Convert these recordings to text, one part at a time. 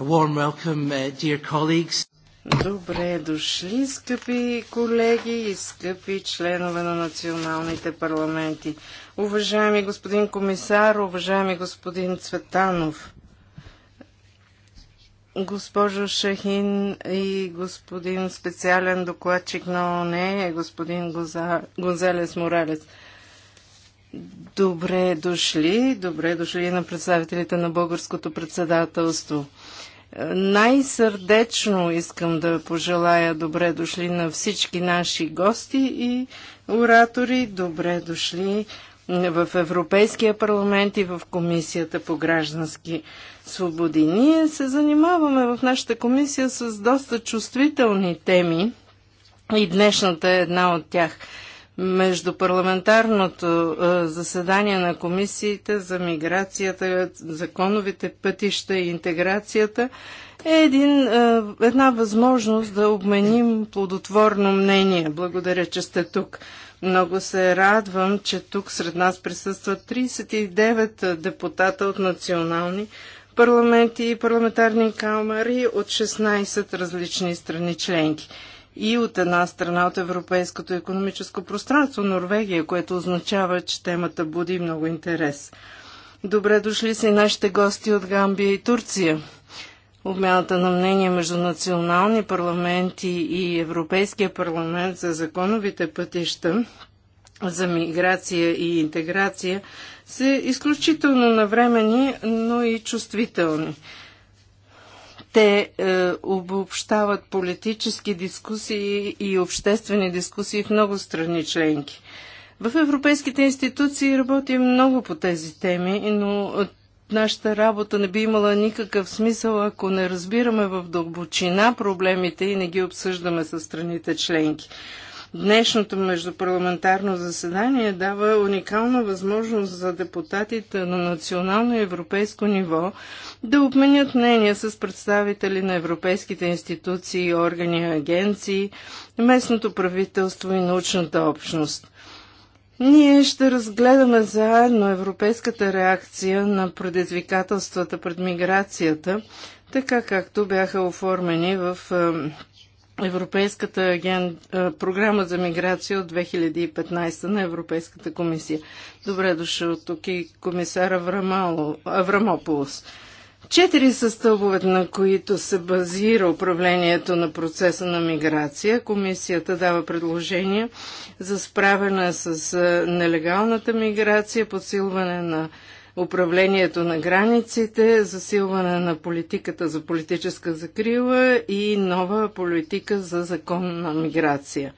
A warm welcome, uh, dear colleagues. Добре дошли, скъпи колеги и скъпи членове на националните парламенти. Уважаеми господин комисар, уважаеми господин Цветанов, госпожо Шахин и господин специален докладчик на ОНЕ, господин Гонзелес Моралес. Добре дошли, добре дошли на представителите на българското председателство. Най-сърдечно искам да пожелая добре дошли на всички наши гости и оратори. Добре дошли в Европейския парламент и в Комисията по граждански свободи. Ние се занимаваме в нашата комисия с доста чувствителни теми и днешната е една от тях – между парламентарното заседание на комисиите за миграцията, законовите пътища и интеграцията е един, една възможност да обменим плодотворно мнение. Благодаря, че сте тук. Много се радвам, че тук сред нас присъстват 39 депутата от национални парламенти и парламентарни камери от 16 различни страни членки и от една страна от Европейското економическо пространство Норвегия, което означава, че темата буди много интерес. Добре дошли са и нашите гости от Гамбия и Турция. Обмяната на мнение между национални парламенти и Европейския парламент за законовите пътища за миграция и интеграция са изключително навремени, но и чувствителни. Те е, обобщават политически дискусии и обществени дискусии в много страни членки. В европейските институции работим много по тези теми, но нашата работа не би имала никакъв смисъл, ако не разбираме в дълбочина проблемите и не ги обсъждаме с страните членки. Днешното междупарламентарно заседание дава уникална възможност за депутатите на национално и европейско ниво да обменят мнения с представители на европейските институции, органи, агенции, местното правителство и научната общност. Ние ще разгледаме заедно европейската реакция на предизвикателствата пред миграцията, така както бяха оформени в е, Европейската аген... програма за миграция от 2015 на Европейската комисия. Добре е дошъл тук и комисар Аврамало... Аврамополос. Четири са стълбовете, на които се базира управлението на процеса на миграция. Комисията дава предложения за справяне с нелегалната миграция, подсилване на управлението на границите, засилване на политиката за политическа закрила и нова политика за закон на миграция.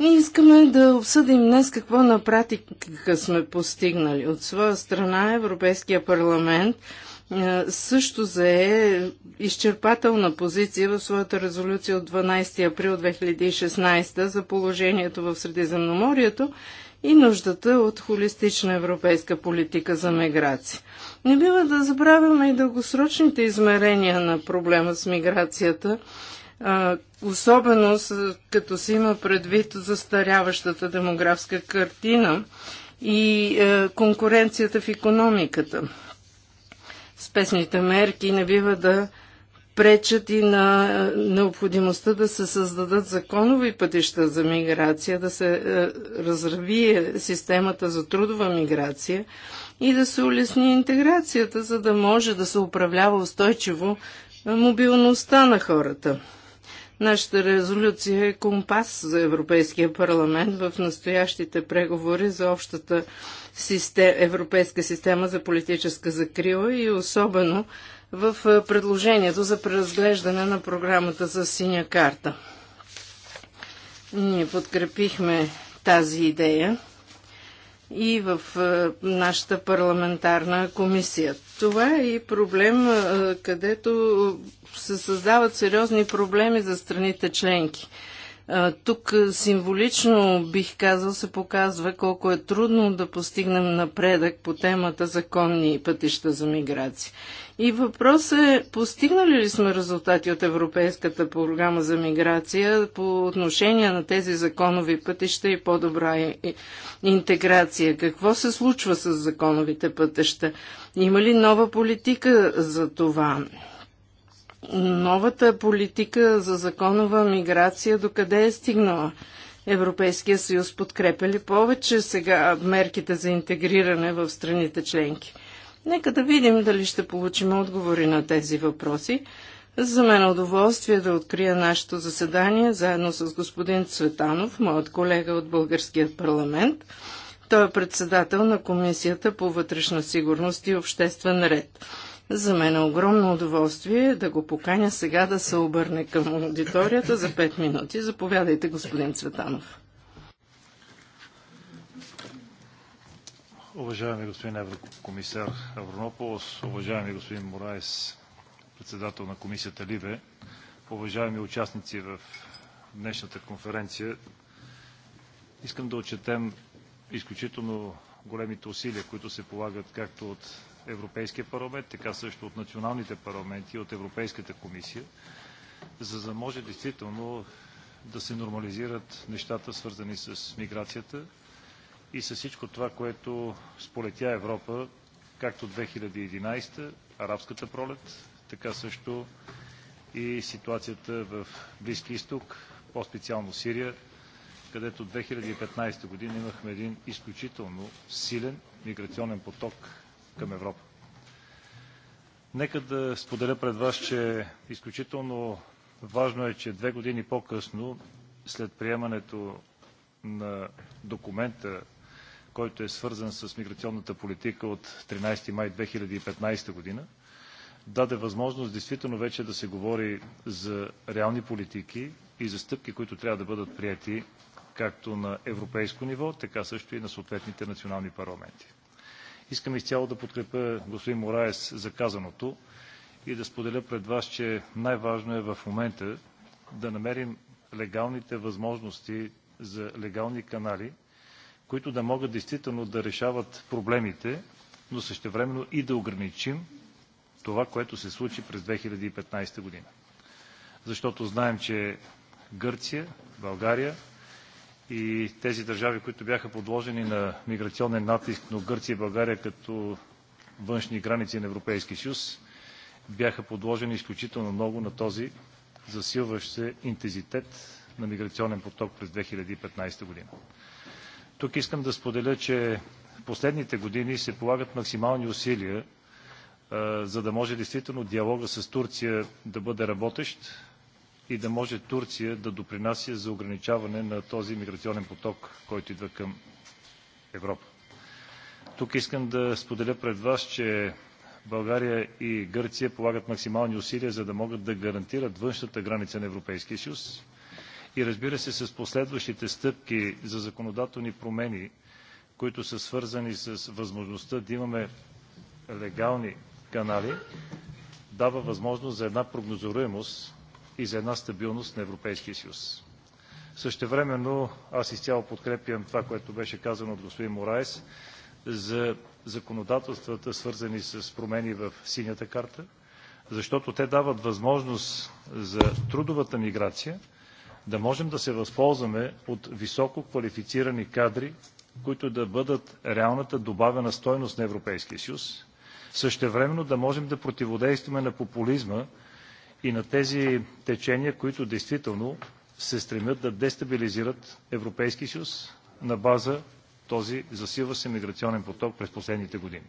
Ние искаме да обсъдим днес какво на практика сме постигнали. От своя страна Европейския парламент е, също зае изчерпателна позиция в своята резолюция от 12 април 2016 за положението в Средиземноморието и нуждата от холистична европейска политика за миграция. Не бива да забравяме и дългосрочните измерения на проблема с миграцията, особено като се има предвид застаряващата демографска картина и е, конкуренцията в економиката. С песните мерки не бива да пречат и на е, необходимостта да се създадат законови пътища за миграция, да се е, разрави системата за трудова миграция и да се улесни интеграцията, за да може да се управлява устойчиво е, мобилността на хората. Нашата резолюция е компас за Европейския парламент в настоящите преговори за общата систем, европейска система за политическа закрила и особено в е, предложението за преразглеждане на програмата за синя карта. Ние подкрепихме тази идея и в е, нашата парламентарна комисия. Това е и проблем, е, където се създават сериозни проблеми за страните членки. Тук символично, бих казал, се показва колко е трудно да постигнем напредък по темата законни пътища за миграция. И въпрос е, постигнали ли сме резултати от Европейската програма за миграция по отношение на тези законови пътища и по-добра интеграция? Какво се случва с законовите пътища? Има ли нова политика за това? Новата политика за законова миграция докъде е стигнала? Европейския съюз подкрепя ли повече сега мерките за интегриране в страните членки? Нека да видим дали ще получим отговори на тези въпроси. За мен е удоволствие да открия нашето заседание заедно с господин Цветанов, моят колега от Българският парламент. Той е председател на Комисията по вътрешна сигурност и обществен ред. За мен е огромно удоволствие да го поканя сега да се обърне към аудиторията за 5 минути. Заповядайте, господин Цветанов. Уважаеми господин еврокомисар Авронополос, уважаеми господин Мораес, председател на комисията Либе, уважаеми участници в днешната конференция, искам да отчетем изключително големите усилия, които се полагат както от Европейския парламент, така също от националните парламенти, от Европейската комисия, за да може действително да се нормализират нещата, свързани с миграцията и с всичко това, което сполетя Европа, както 2011, арабската пролет, така също и ситуацията в Близки изток, по-специално Сирия, където 2015 година имахме един изключително силен миграционен поток към Европа. Нека да споделя пред вас, че изключително важно е, че две години по-късно, след приемането на документа който е свързан с миграционната политика от 13 май 2015 година, даде възможност действително вече да се говори за реални политики и за стъпки, които трябва да бъдат прияти както на европейско ниво, така също и на съответните национални парламенти. Искам изцяло да подкрепя господин Мораес за казаното и да споделя пред вас, че най-важно е в момента да намерим легалните възможности за легални канали които да могат действително да решават проблемите, но същевременно и да ограничим това, което се случи през 2015 година. Защото знаем, че Гърция, България и тези държави, които бяха подложени на миграционен натиск, но Гърция и България като външни граници на Европейския съюз, бяха подложени изключително много на този засилващ се интензитет на миграционен поток през 2015 година. Тук искам да споделя, че в последните години се полагат максимални усилия, за да може действително диалога с Турция да бъде работещ и да може Турция да допринася за ограничаване на този миграционен поток, който идва към Европа. Тук искам да споделя пред вас, че България и Гърция полагат максимални усилия, за да могат да гарантират външната граница на Европейския съюз и разбира се с последващите стъпки за законодателни промени, които са свързани с възможността да имаме легални канали, дава възможност за една прогнозируемост и за една стабилност на Европейския съюз. Същевременно аз изцяло подкрепям това, което беше казано от господин Мораес за законодателствата, свързани с промени в синята карта, защото те дават възможност за трудовата миграция да можем да се възползваме от високо квалифицирани кадри, които да бъдат реалната добавена стойност на Европейския съюз, същевременно да можем да противодействаме на популизма и на тези течения, които действително се стремят да дестабилизират Европейския съюз на база този засилващ се миграционен поток през последните години.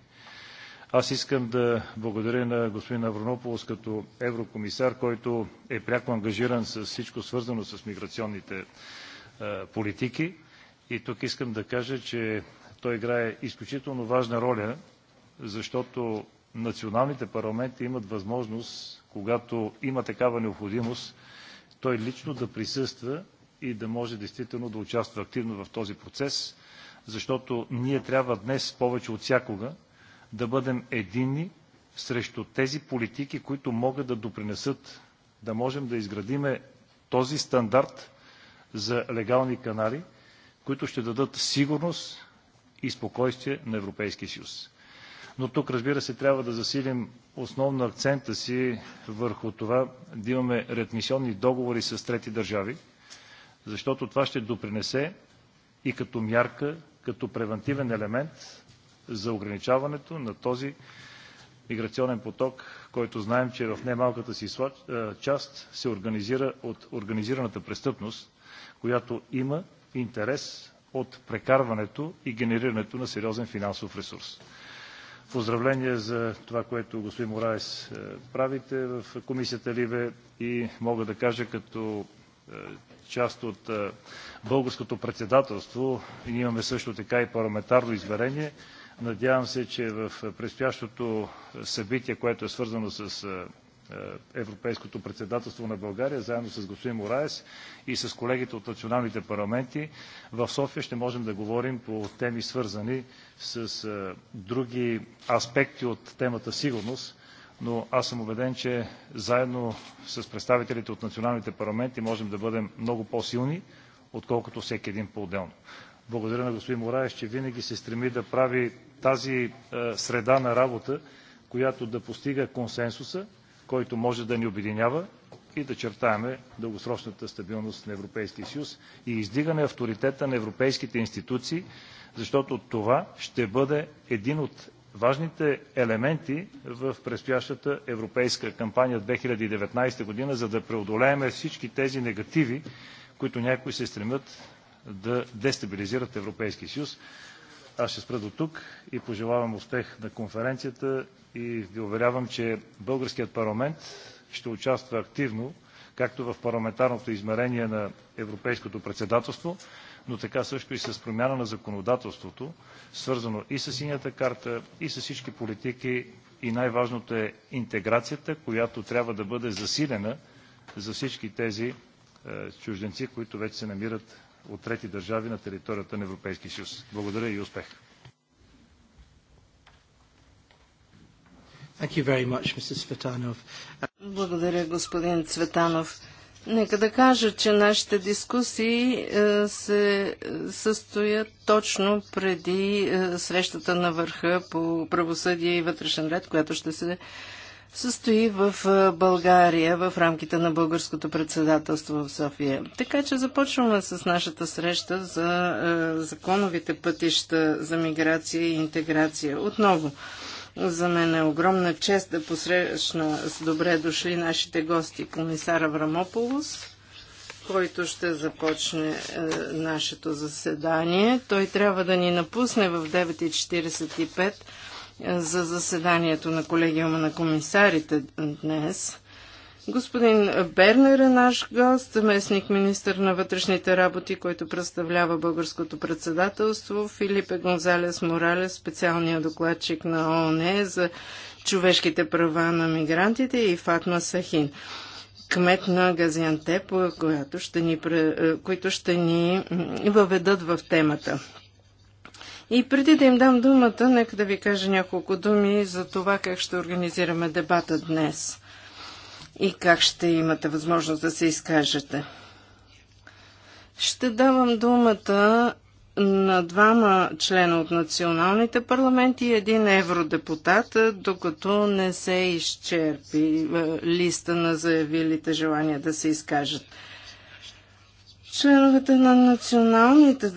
Аз искам да благодаря на господин Авранополос като еврокомисар, който е пряко ангажиран с всичко свързано с миграционните политики. И тук искам да кажа, че той играе изключително важна роля, защото националните парламенти имат възможност, когато има такава необходимост, той лично да присъства и да може действително да участва активно в този процес, защото ние трябва днес повече от всякога да бъдем единни срещу тези политики, които могат да допринесат да можем да изградим този стандарт за легални канали, които ще дадат сигурност и спокойствие на Европейския съюз. Но тук, разбира се, трябва да засилим основно акцента си върху това да имаме ретмисионни договори с трети държави, защото това ще допринесе и като мярка, като превентивен елемент за ограничаването на този миграционен поток, който знаем, че в немалката си част се организира от организираната престъпност, която има интерес от прекарването и генерирането на сериозен финансов ресурс. Поздравления за това, което господин Мораес правите в комисията Либе и мога да кажа като част от българското председателство. и имаме също така и парламентарно измерение. Надявам се, че в предстоящото събитие, което е свързано с Европейското председателство на България, заедно с господин Мораес и с колегите от националните парламенти, в София ще можем да говорим по теми свързани с други аспекти от темата сигурност, но аз съм убеден, че заедно с представителите от националните парламенти можем да бъдем много по-силни, отколкото всеки един по-отделно. Благодаря на господин Мораев, че винаги се стреми да прави тази е, среда на работа, която да постига консенсуса, който може да ни обединява и да чертаеме дългосрочната стабилност на Европейския съюз и издигане авторитета на европейските институции, защото това ще бъде един от важните елементи в предстоящата европейска кампания 2019 година, за да преодолеем всички тези негативи, които някои се стремят да дестабилизират Европейския съюз. Аз ще спра до тук и пожелавам успех на конференцията и ви уверявам, че българският парламент ще участва активно както в парламентарното измерение на Европейското председателство, но така също и с промяна на законодателството, свързано и с синята карта, и с всички политики, и най-важното е интеграцията, която трябва да бъде засилена за всички тези е, чужденци, които вече се намират от трети държави на територията на Европейския съюз. Благодаря и успех! Much, Благодаря, господин Цветанов. Нека да кажа, че нашите дискусии е, се състоят точно преди е, срещата на върха по правосъдие и вътрешен ред, която ще се състои в България в рамките на българското председателство в София. Така че започваме с нашата среща за е, законовите пътища за миграция и интеграция. Отново, за мен е огромна чест да посрещна с добре дошли нашите гости комисара Врамополос, който ще започне е, нашето заседание. Той трябва да ни напусне в 9.45 е, за заседанието на колегиума на комисарите днес. Господин Бернер е наш гост, заместник министр на вътрешните работи, който представлява българското председателство, Филипе Гонзалес Моралес, специалния докладчик на ООН за човешките права на мигрантите и Фатма Сахин, кмет на Газиантеп, е, които ще ни въведат в темата. И преди да им дам думата, нека да ви кажа няколко думи за това как ще организираме дебата днес и как ще имате възможност да се изкажете. Ще давам думата на двама члена от националните парламенти и един евродепутат, докато не се изчерпи е, листа на заявилите желания да се изкажат. Членовете на националните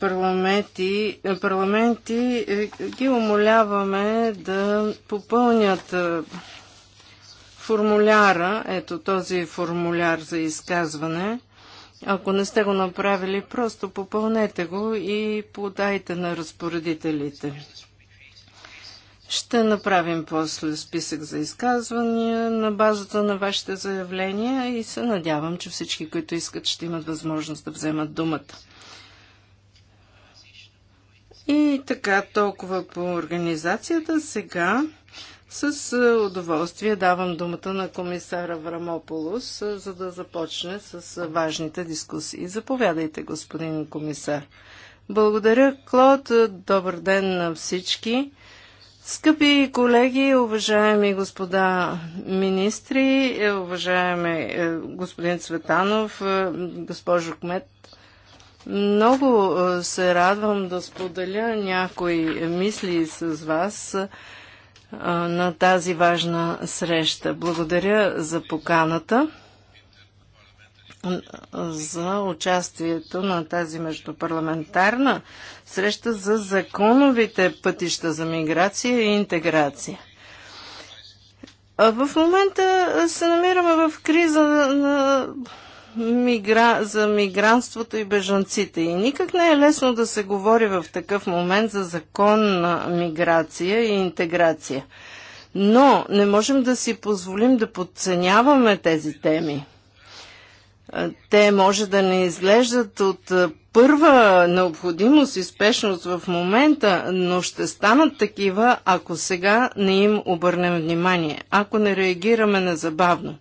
парламенти, парламенти е, ги умоляваме да попълнят формуляра, ето този формуляр за изказване. Ако не сте го направили, просто попълнете го и подайте на разпоредителите. Ще направим после списък за изказвания на базата на вашите заявления и се надявам, че всички, които искат, ще имат възможност да вземат думата. И така, толкова по организацията. Сега с е, удоволствие давам думата на комисара Врамополус, е, за да започне с е, важните дискусии. Заповядайте, господин комисар. Благодаря, Клод. Добър ден на всички. Скъпи колеги, уважаеми господа министри, е, уважаеми е, господин Цветанов, е, госпожо Кмет, много се радвам да споделя някои мисли с вас на тази важна среща. Благодаря за поканата за участието на тази междупарламентарна среща за законовите пътища за миграция и интеграция. В момента се намираме в криза на мигра... за мигранството и бежанците. И никак не е лесно да се говори в такъв момент за законна миграция и интеграция. Но не можем да си позволим да подценяваме тези теми. Те може да не изглеждат от първа необходимост и спешност в момента, но ще станат такива, ако сега не им обърнем внимание, ако не реагираме незабавно.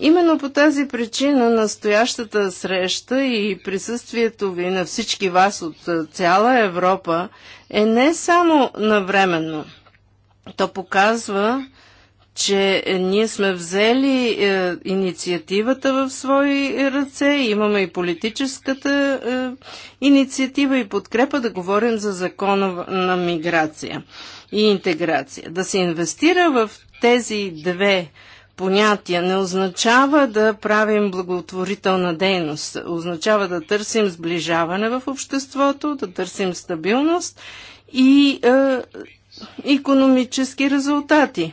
Именно по тази причина настоящата среща и присъствието ви на всички вас от цяла Европа е не само навременно. То показва, че ние сме взели е, инициативата в свои ръце, имаме и политическата е, инициатива и подкрепа да говорим за закона на миграция и интеграция. Да се инвестира в тези две понятия не означава да правим благотворителна дейност, означава да търсим сближаване в обществото, да търсим стабилност и е, економически резултати.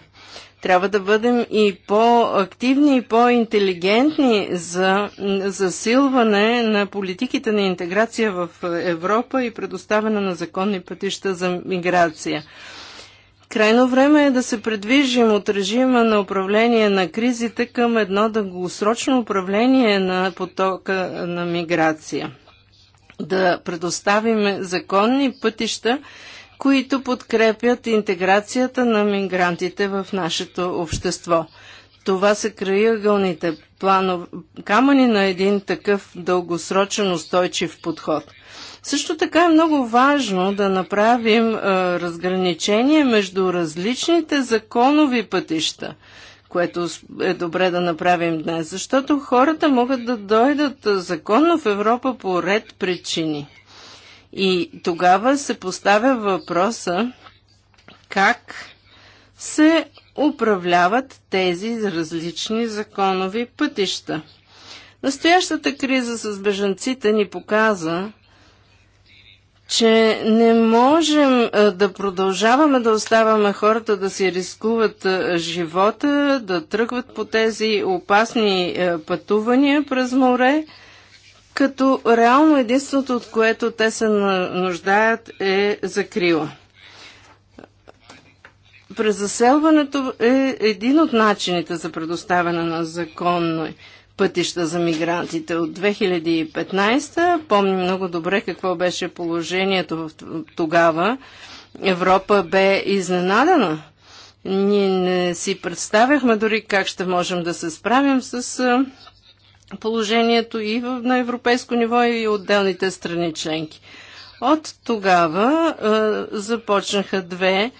Трябва да бъдем и по-активни и по-интелигентни за засилване на политиките на интеграция в Европа и предоставяне на законни пътища за миграция. Крайно време е да се предвижим от режима на управление на кризите към едно дългосрочно управление на потока на миграция. Да предоставим законни пътища които подкрепят интеграцията на мигрантите в нашето общество. Това са краягълните планов... камъни на един такъв дългосрочен устойчив подход. Също така е много важно да направим а, разграничение между различните законови пътища, което е добре да направим днес, защото хората могат да дойдат законно в Европа по ред причини. И тогава се поставя въпроса как се управляват тези различни законови пътища. Настоящата криза с бежанците ни показа, че не можем да продължаваме да оставаме хората да си рискуват живота, да тръгват по тези опасни пътувания през море, като реално единството, от което те се нуждаят е закрила. Презаселването е един от начините за предоставяне на законно пътища за мигрантите от 2015. Помни много добре какво беше положението в тогава. Европа бе изненадана. Ние не си представяхме дори как ще можем да се справим с положението и на европейско ниво и отделните страни членки. От тогава е, започнаха две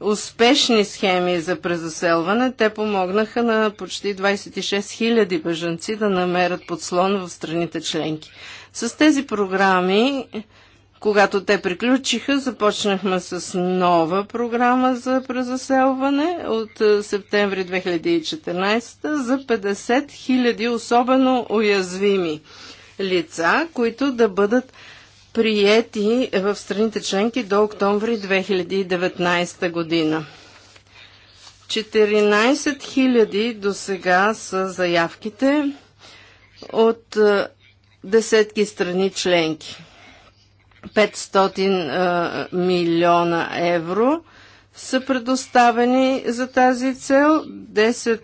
успешни схеми за презаселване. Те помогнаха на почти 26 000 бъженци да намерят подслон в страните членки. С тези програми когато те приключиха, започнахме с нова програма за презаселване от е, септември 2014 за 50 000 особено уязвими лица, които да бъдат приети в страните членки до октомври 2019 година. 14 000 до сега са заявките от е, десетки страни членки. 500 милиона евро са предоставени за тази цел, 10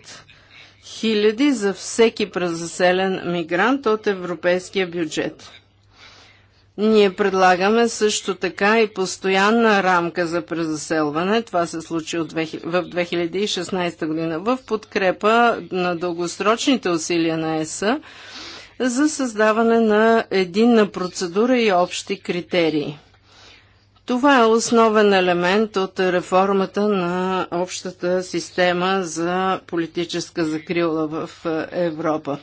хиляди за всеки празаселен мигрант от европейския бюджет. Ние предлагаме също така и постоянна рамка за презаселване. Това се случи в 2016 година в подкрепа на дългосрочните усилия на ЕСА за създаване на единна процедура и общи критерии. Това е основен елемент от реформата на общата система за политическа закрила в е, Европа.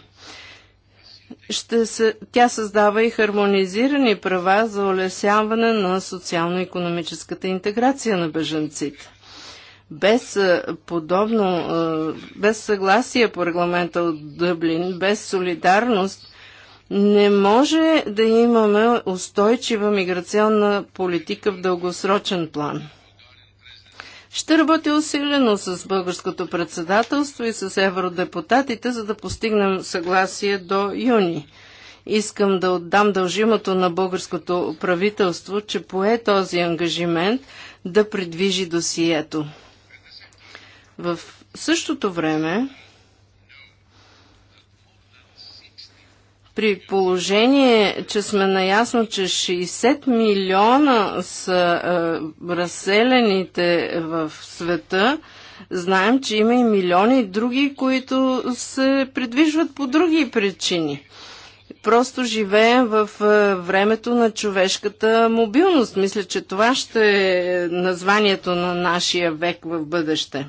Ще се, тя създава и хармонизирани права за улесяване на социално-економическата интеграция на бежанците без е, подобно, е, без съгласие по регламента от Дъблин, без солидарност, не може да имаме устойчива миграционна политика в дългосрочен план. Ще работя усилено с българското председателство и с евродепутатите, за да постигнем съгласие до юни. Искам да отдам дължимото на българското правителство, че пое този ангажимент да придвижи досието. В същото време, при положение, че сме наясно, че 60 милиона са е, разселените в света, знаем, че има и милиони други, които се придвижват по други причини. Просто живеем в е, времето на човешката мобилност. Мисля, че това ще е названието на нашия век в бъдеще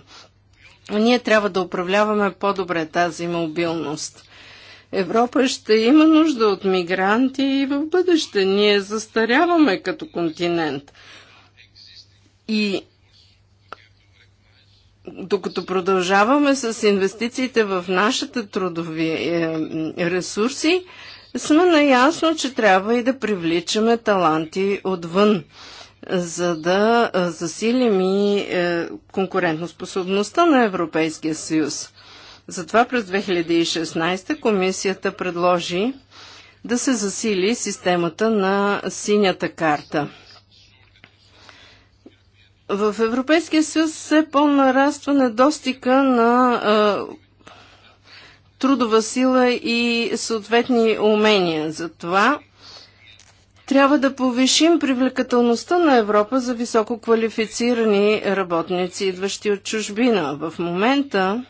ние трябва да управляваме по-добре тази мобилност. Европа ще има нужда от мигранти и в бъдеще. Ние застаряваме като континент. И докато продължаваме с инвестициите в нашите трудови е, ресурси, сме наясно, че трябва и да привличаме таланти отвън за да засилим и е, конкурентоспособността на Европейския съюз. Затова през 2016 комисията предложи да се засили системата на синята карта. В Европейския съюз се по-нараства недостига на а, трудова сила и съответни умения. Затова трябва да повишим привлекателността на Европа за високо квалифицирани работници, идващи от чужбина. В момента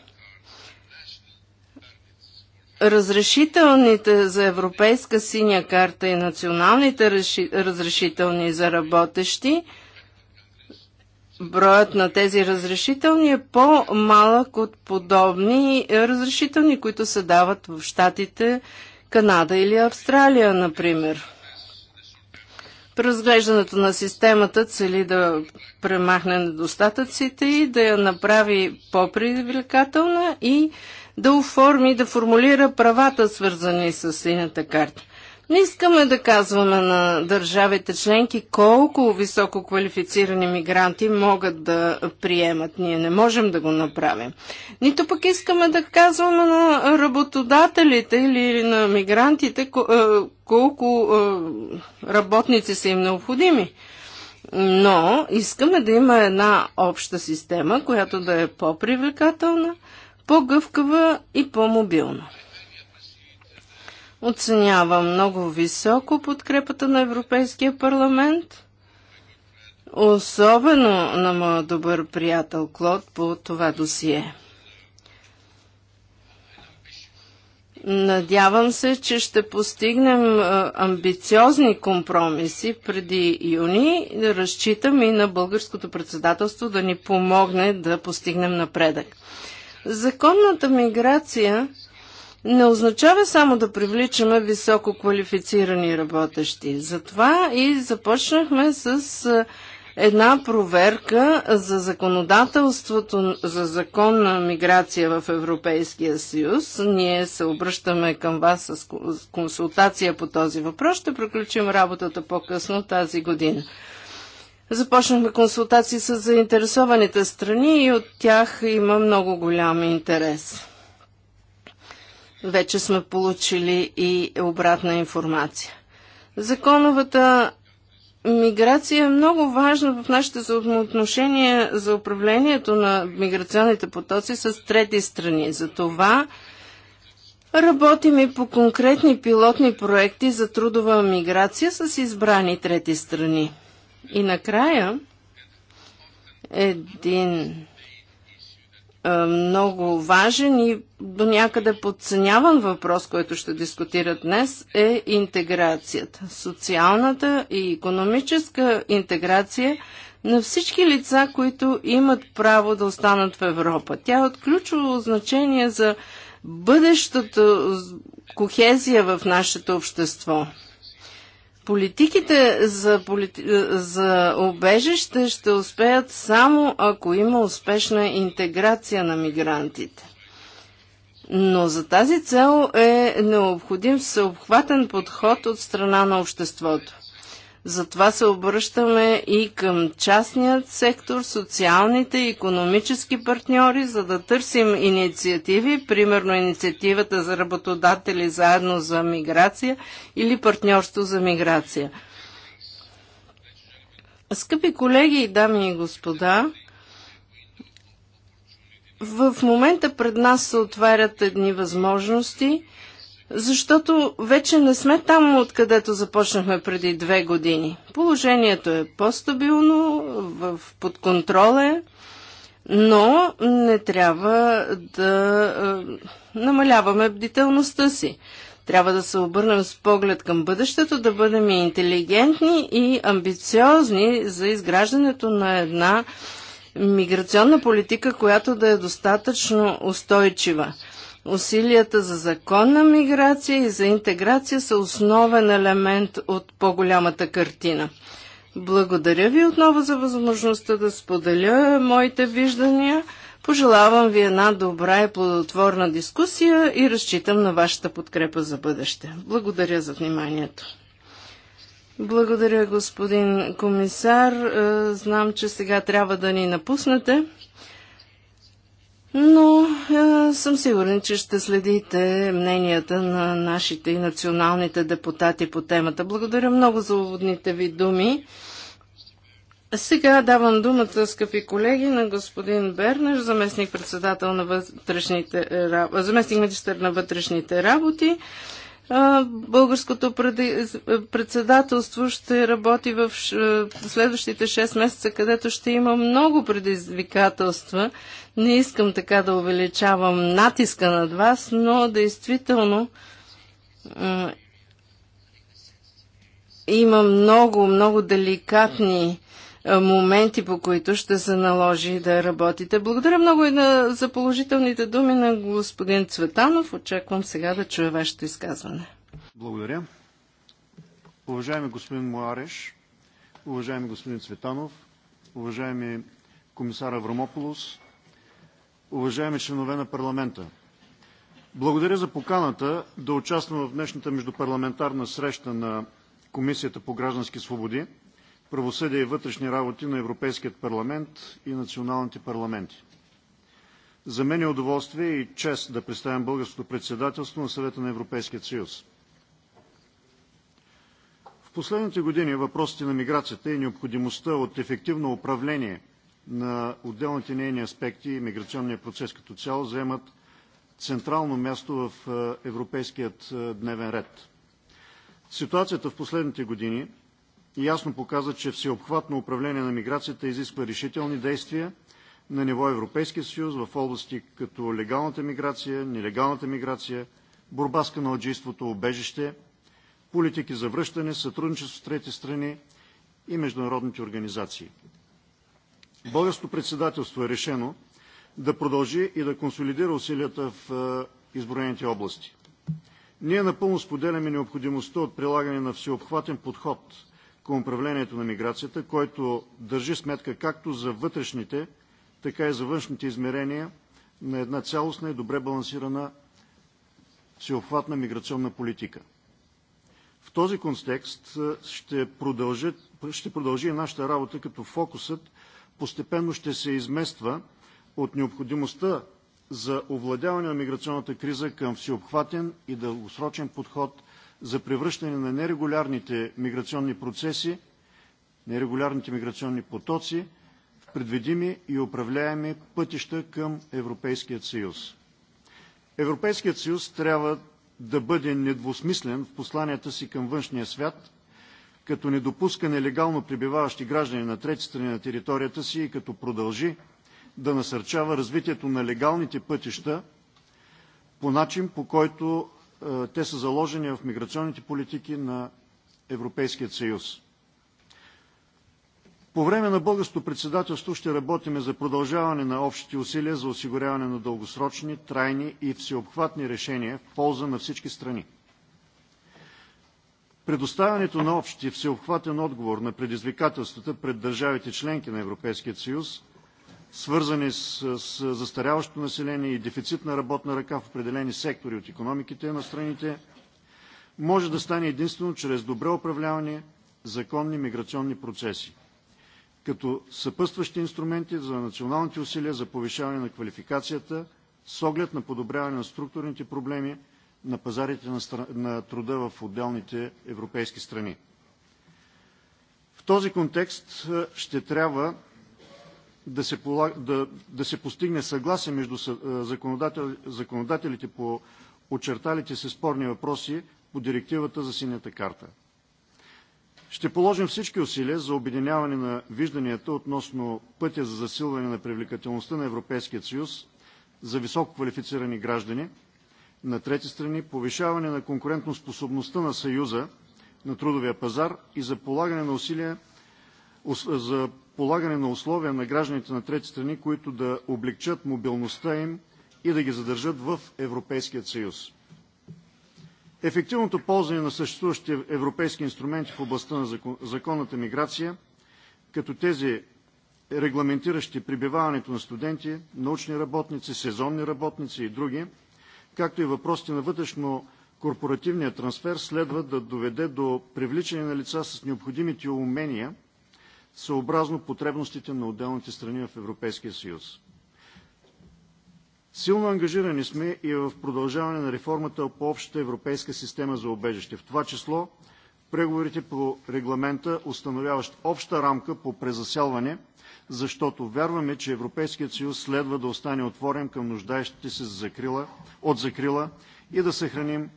разрешителните за европейска синя карта и националните разрешителни за работещи, броят на тези разрешителни е по-малък от подобни разрешителни, които се дават в Штатите, Канада или Австралия, например. Преразглеждането на системата цели да премахне недостатъците и да я направи по-привлекателна и да оформи, да формулира правата, свързани с синята карта. Не искаме да казваме на държавите членки колко високо квалифицирани мигранти могат да приемат. Ние не можем да го направим. Нито пък искаме да казваме на работодателите или на мигрантите е, колко е, работници са им необходими. Но искаме да има една обща система, която да е по-привлекателна, по-гъвкава и по-мобилна. Оценява много високо подкрепата на Европейския парламент, особено на моя добър приятел Клод по това досие. Надявам се, че ще постигнем амбициозни компромиси преди юни. Разчитам и на българското председателство да ни помогне да постигнем напредък. Законната миграция не означава само да привличаме високо квалифицирани работещи. Затова и започнахме с една проверка за законодателството за закон на миграция в Европейския съюз. Ние се обръщаме към вас с консултация по този въпрос. Ще приключим работата по-късно тази година. Започнахме консултации с заинтересованите страни и от тях има много голям интерес. Вече сме получили и обратна информация. Законовата миграция е много важна в нашите взаимоотношения за управлението на миграционните потоци с трети страни. За това работим и по конкретни пилотни проекти за трудова миграция с избрани трети страни. И накрая един е, много важен и до някъде подценяван въпрос, който ще дискутира днес, е интеграцията. Социалната и економическа интеграция на всички лица, които имат право да останат в Европа. Тя е от ключово значение за бъдещата кохезия в нашето общество. Политиките за, полит... за обежище ще успеят само ако има успешна интеграция на мигрантите. Но за тази цел е необходим всеобхватен подход от страна на обществото. Затова се обръщаме и към частният сектор, социалните и економически партньори, за да търсим инициативи, примерно инициативата за работодатели заедно за миграция или партньорство за миграция. Скъпи колеги, и дами и господа, в момента пред нас се отварят едни възможности – защото вече не сме там, откъдето започнахме преди две години. Положението е по-стабилно, в контрол е, но не трябва да е, намаляваме бдителността си. Трябва да се обърнем с поглед към бъдещето, да бъдем интелигентни и амбициозни за изграждането на една миграционна политика, която да е достатъчно устойчива. Усилията за законна миграция и за интеграция са основен елемент от по-голямата картина. Благодаря ви отново за възможността да споделя моите виждания. Пожелавам ви една добра и плодотворна дискусия и разчитам на вашата подкрепа за бъдеще. Благодаря за вниманието. Благодаря, господин комисар. Е, знам, че сега трябва да ни напуснете но е, съм сигурен, че ще следите мненията на нашите и националните депутати по темата. Благодаря много за уводните ви думи. Сега давам думата, скъпи колеги, на господин Бернер, заместник председател на вътрешните, е, заместник министър на вътрешните работи. Българското председателство ще работи в следващите 6 месеца, където ще има много предизвикателства. Не искам така да увеличавам натиска над вас, но действително има много, много деликатни моменти, по които ще се наложи да работите. Благодаря много и на, за положителните думи на господин Цветанов. Очаквам сега да чуя вашето изказване. Благодаря. Уважаеми господин Муареш, уважаеми господин Цветанов, уважаеми комисар Аврамополос, уважаеми членове на парламента. Благодаря за поканата да участвам в днешната междупарламентарна среща на Комисията по граждански свободи – правосъдие и вътрешни работи на Европейският парламент и националните парламенти. За мен е удоволствие и чест да представям българското председателство на Съвета на Европейския съюз. В последните години въпросите на миграцията и необходимостта от ефективно управление на отделните нейни аспекти и миграционния процес като цяло заемат централно място в е, европейският е, дневен ред. Ситуацията в последните години ясно показа, че всеобхватно управление на миграцията изисква решителни действия на ниво Европейския съюз в области като легалната миграция, нелегалната миграция, борба с каналджийството, убежище, политики за връщане, сътрудничество с трети страни и международните организации. Българското председателство е решено да продължи и да консолидира усилията в е, изброените области. Ние напълно споделяме необходимостта от прилагане на всеобхватен подход – към управлението на миграцията, който държи сметка както за вътрешните, така и за външните измерения на една цялостна и добре балансирана всеобхватна миграционна политика. В този контекст ще продължи, ще продължи нашата работа, като фокусът постепенно ще се измества от необходимостта за овладяване на миграционната криза към всеобхватен и дългосрочен подход за превръщане на нерегулярните миграционни процеси, нерегулярните миграционни потоци в предвидими и управляеми пътища към Европейският съюз. Европейският съюз трябва да бъде недвусмислен в посланията си към външния свят, като не допуска нелегално пребиваващи граждани на трети страни на територията си и като продължи да насърчава развитието на легалните пътища по начин, по който е, те са заложени в миграционните политики на Европейския съюз. По време на българското председателство ще работим за продължаване на общите усилия за осигуряване на дългосрочни, трайни и всеобхватни решения в полза на всички страни. Предоставянето на общ и всеобхватен отговор на предизвикателствата пред държавите членки на Европейския съюз свързани с, с застаряващо население и дефицит на работна ръка в определени сектори от економиките на страните, може да стане единствено чрез добре управлявани законни миграционни процеси, като съпътстващи инструменти за националните усилия за повишаване на квалификацията с оглед на подобряване на структурните проблеми на пазарите на, стра... на труда в отделните европейски страни. В този контекст ще трябва да се, да, да се постигне съгласие между законодател, законодателите по очерталите се спорни въпроси по директивата за синята карта. Ще положим всички усилия за обединяване на вижданията относно пътя за засилване на привлекателността на Европейския съюз за високо квалифицирани граждани на трети страни, повишаване на конкурентоспособността на Съюза на трудовия пазар и за полагане на усилия за полагане на условия на гражданите на трети страни, които да облегчат мобилността им и да ги задържат в Европейския съюз. Ефективното ползване на съществуващите европейски инструменти в областта на законната миграция, като тези регламентиращи прибиваването на студенти, научни работници, сезонни работници и други, както и въпросите на вътрешно корпоративния трансфер следва да доведе до привличане на лица с необходимите умения – съобразно потребностите на отделните страни в Европейския съюз. Силно ангажирани сме и в продължаване на реформата по общата европейска система за обежище, в това число преговорите по регламента, установяващ обща рамка по презаселване, защото вярваме, че Европейският съюз следва да остане отворен към нуждаещите се закрила, от закрила и да съхраним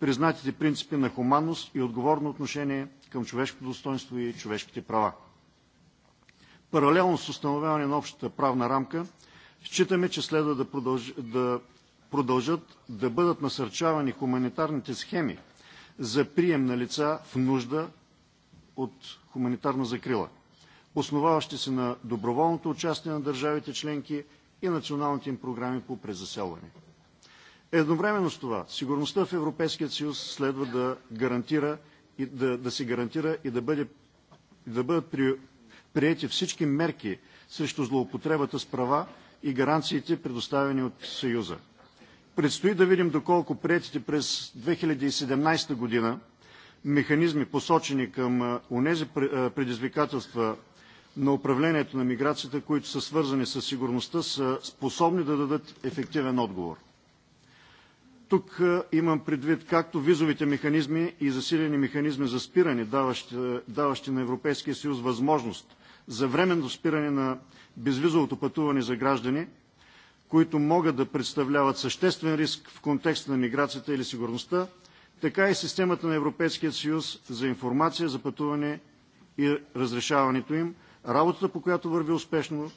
признатите принципи на хуманност и отговорно отношение към човешкото достоинство и човешките права. Паралелно с установяване на общата правна рамка, считаме, че следва да, продълж... да продължат да бъдат насърчавани хуманитарните схеми за прием на лица в нужда от хуманитарна закрила, основаващи се на доброволното участие на държавите членки и националните им програми по презаселване. Едновременно с това, сигурността в Европейския съюз следва да гарантира и да, да се гарантира и да, бъде, да бъдат при, приети всички мерки срещу злоупотребата с права и гаранциите, предоставени от Съюза. Предстои да видим доколко приетите през 2017 година механизми, посочени към онези предизвикателства на управлението на миграцията, които са свързани с сигурността, са способни да дадат ефективен отговор. Тук имам предвид както визовите механизми и засилени механизми за спиране, даващи, даващи на Европейския съюз възможност за временно спиране на безвизовото пътуване за граждани, които могат да представляват съществен риск в контекста на миграцията или сигурността, така и системата на Европейския съюз за информация за пътуване и разрешаването им, работата по която върви успешно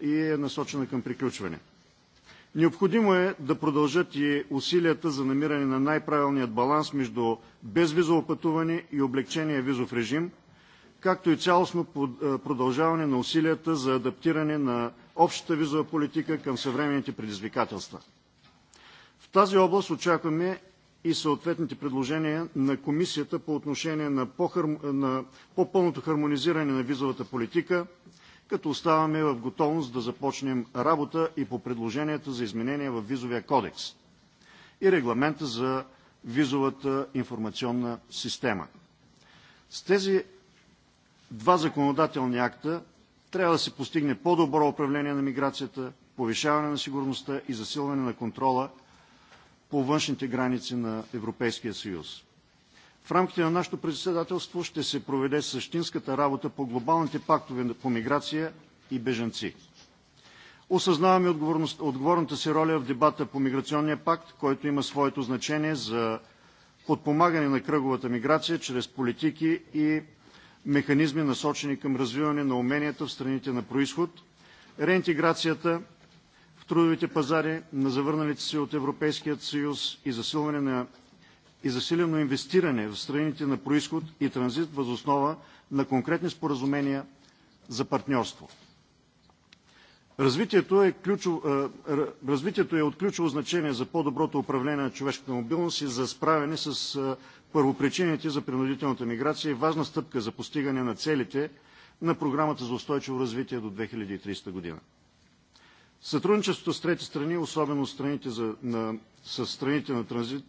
и е насочена към приключване. Необходимо е да продължат и усилията за намиране на най-правилният баланс между безвизово пътуване и облегчения визов режим – както и цялостно е, продължаване на усилията за адаптиране на общата визова политика към съвременните предизвикателства. В тази област очакваме и съответните предложения на Комисията по отношение на по-пълното хармонизиране на визовата политика, като оставаме в готовност да започнем работа и по предложенията за изменения в Визовия кодекс и регламента за визовата информационна система. С тези два законодателни акта трябва да се постигне по-добро управление на миграцията, повишаване на сигурността и засилване на контрола по външните граници на Европейския съюз. В рамките на нашето председателство ще се проведе същинската работа по глобалните пактове по миграция и бежанци. Осъзнаваме отговорната си роля в дебата по миграционния пакт, който има своето значение за подпомагане на кръговата миграция чрез политики и механизми, насочени към развиване на уменията в страните на происход, реинтеграцията в трудовите пазари на завърналите се от Европейският съюз и засилване на и засилено инвестиране в страните на происход и транзит въз основа на конкретни споразумения за партньорство. Развитието е, ключов, е, развитието е от ключово значение за по-доброто управление на човешката мобилност и за справяне с е, първопричините за принудителната миграция и важна стъпка за постигане на целите на Програмата за устойчиво развитие до 2030 година. Сътрудничеството с трети страни, особено страните за, на, с страните на транзит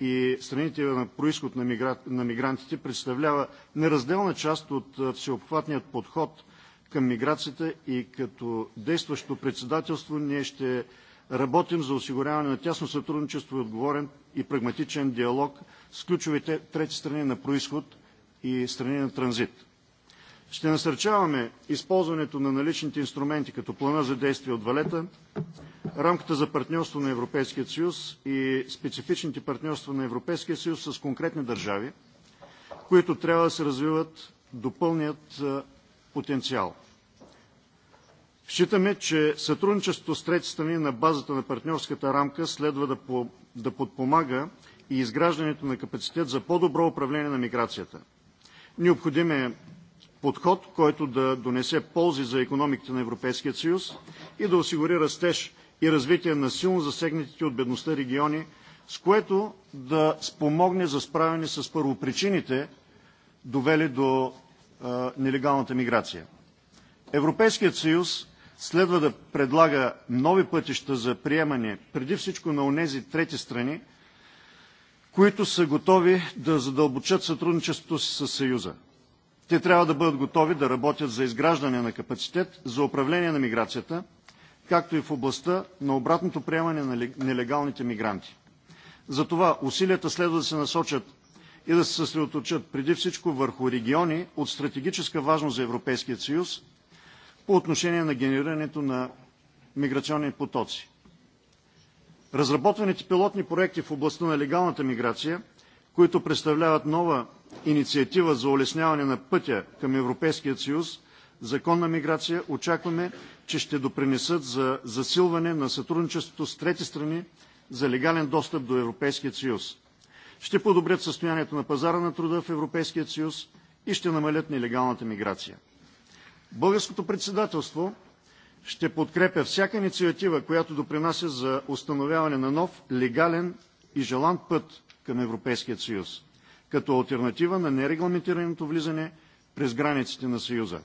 и страните на происход на, мигра, на мигрантите, представлява неразделна част от е, всеобхватният подход към миграцията и като действащо председателство ние ще работим за осигуряване на тясно сътрудничество и отговорен и прагматичен диалог с ключовите трети страни на происход и страни на транзит. Ще насърчаваме използването на наличните инструменти като плана за действие от Валета, рамката за партньорство на Европейския съюз и специфичните партньорства на Европейския съюз с конкретни държави, които трябва да се развиват, допълнят потенциал. Считаме, че сътрудничеството с трети страни на базата на партньорската рамка следва да, по, да подпомага и изграждането на капацитет за по-добро управление на миграцията. Необходим е подход, който да донесе ползи за економиката на Европейския съюз и да осигури растеж и развитие на силно засегнатите от бедността региони, с което да спомогне за справяне с първопричините, довели до нелегалната миграция. Европейският съюз следва да предлага нови пътища за приемане, преди всичко на онези трети страни, които са готови да задълбочат сътрудничеството си с Съюза. Те трябва да бъдат готови да работят за изграждане на капацитет за управление на миграцията, както и в областта на обратното приемане на нелегалните мигранти. Затова усилията следва да се насочат и да се съсредоточат преди всичко върху региони от стратегическа важност за Европейския съюз по отношение на генерирането на миграционни потоци. Разработваните пилотни проекти в областта на легалната миграция, които представляват нова инициатива за улесняване на пътя към Европейския съюз, законна миграция, очакваме, че ще допринесат за засилване на сътрудничеството с трети страни за легален достъп до Европейския съюз ще подобрят състоянието на пазара на труда в Европейския съюз и ще намалят нелегалната миграция. Българското председателство ще подкрепя всяка инициатива, която допринася за установяване на нов, легален и желан път към Европейския съюз, като альтернатива на нерегламентираното влизане през границите на Съюза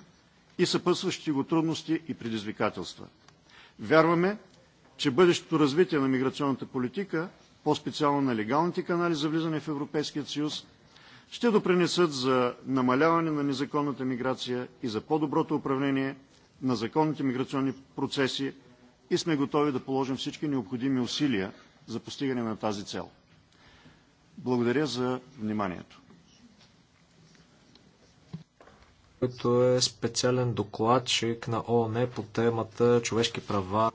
и съпъсващи го трудности и предизвикателства. Вярваме, че бъдещото развитие на миграционната политика по-специално на легалните канали за влизане в Европейския съюз, ще допринесат за намаляване на незаконната миграция и за по-доброто управление на законните миграционни процеси и сме готови да положим всички необходими усилия за постигане на тази цел. Благодаря за вниманието. който е специален докладчик на ООН по темата човешки права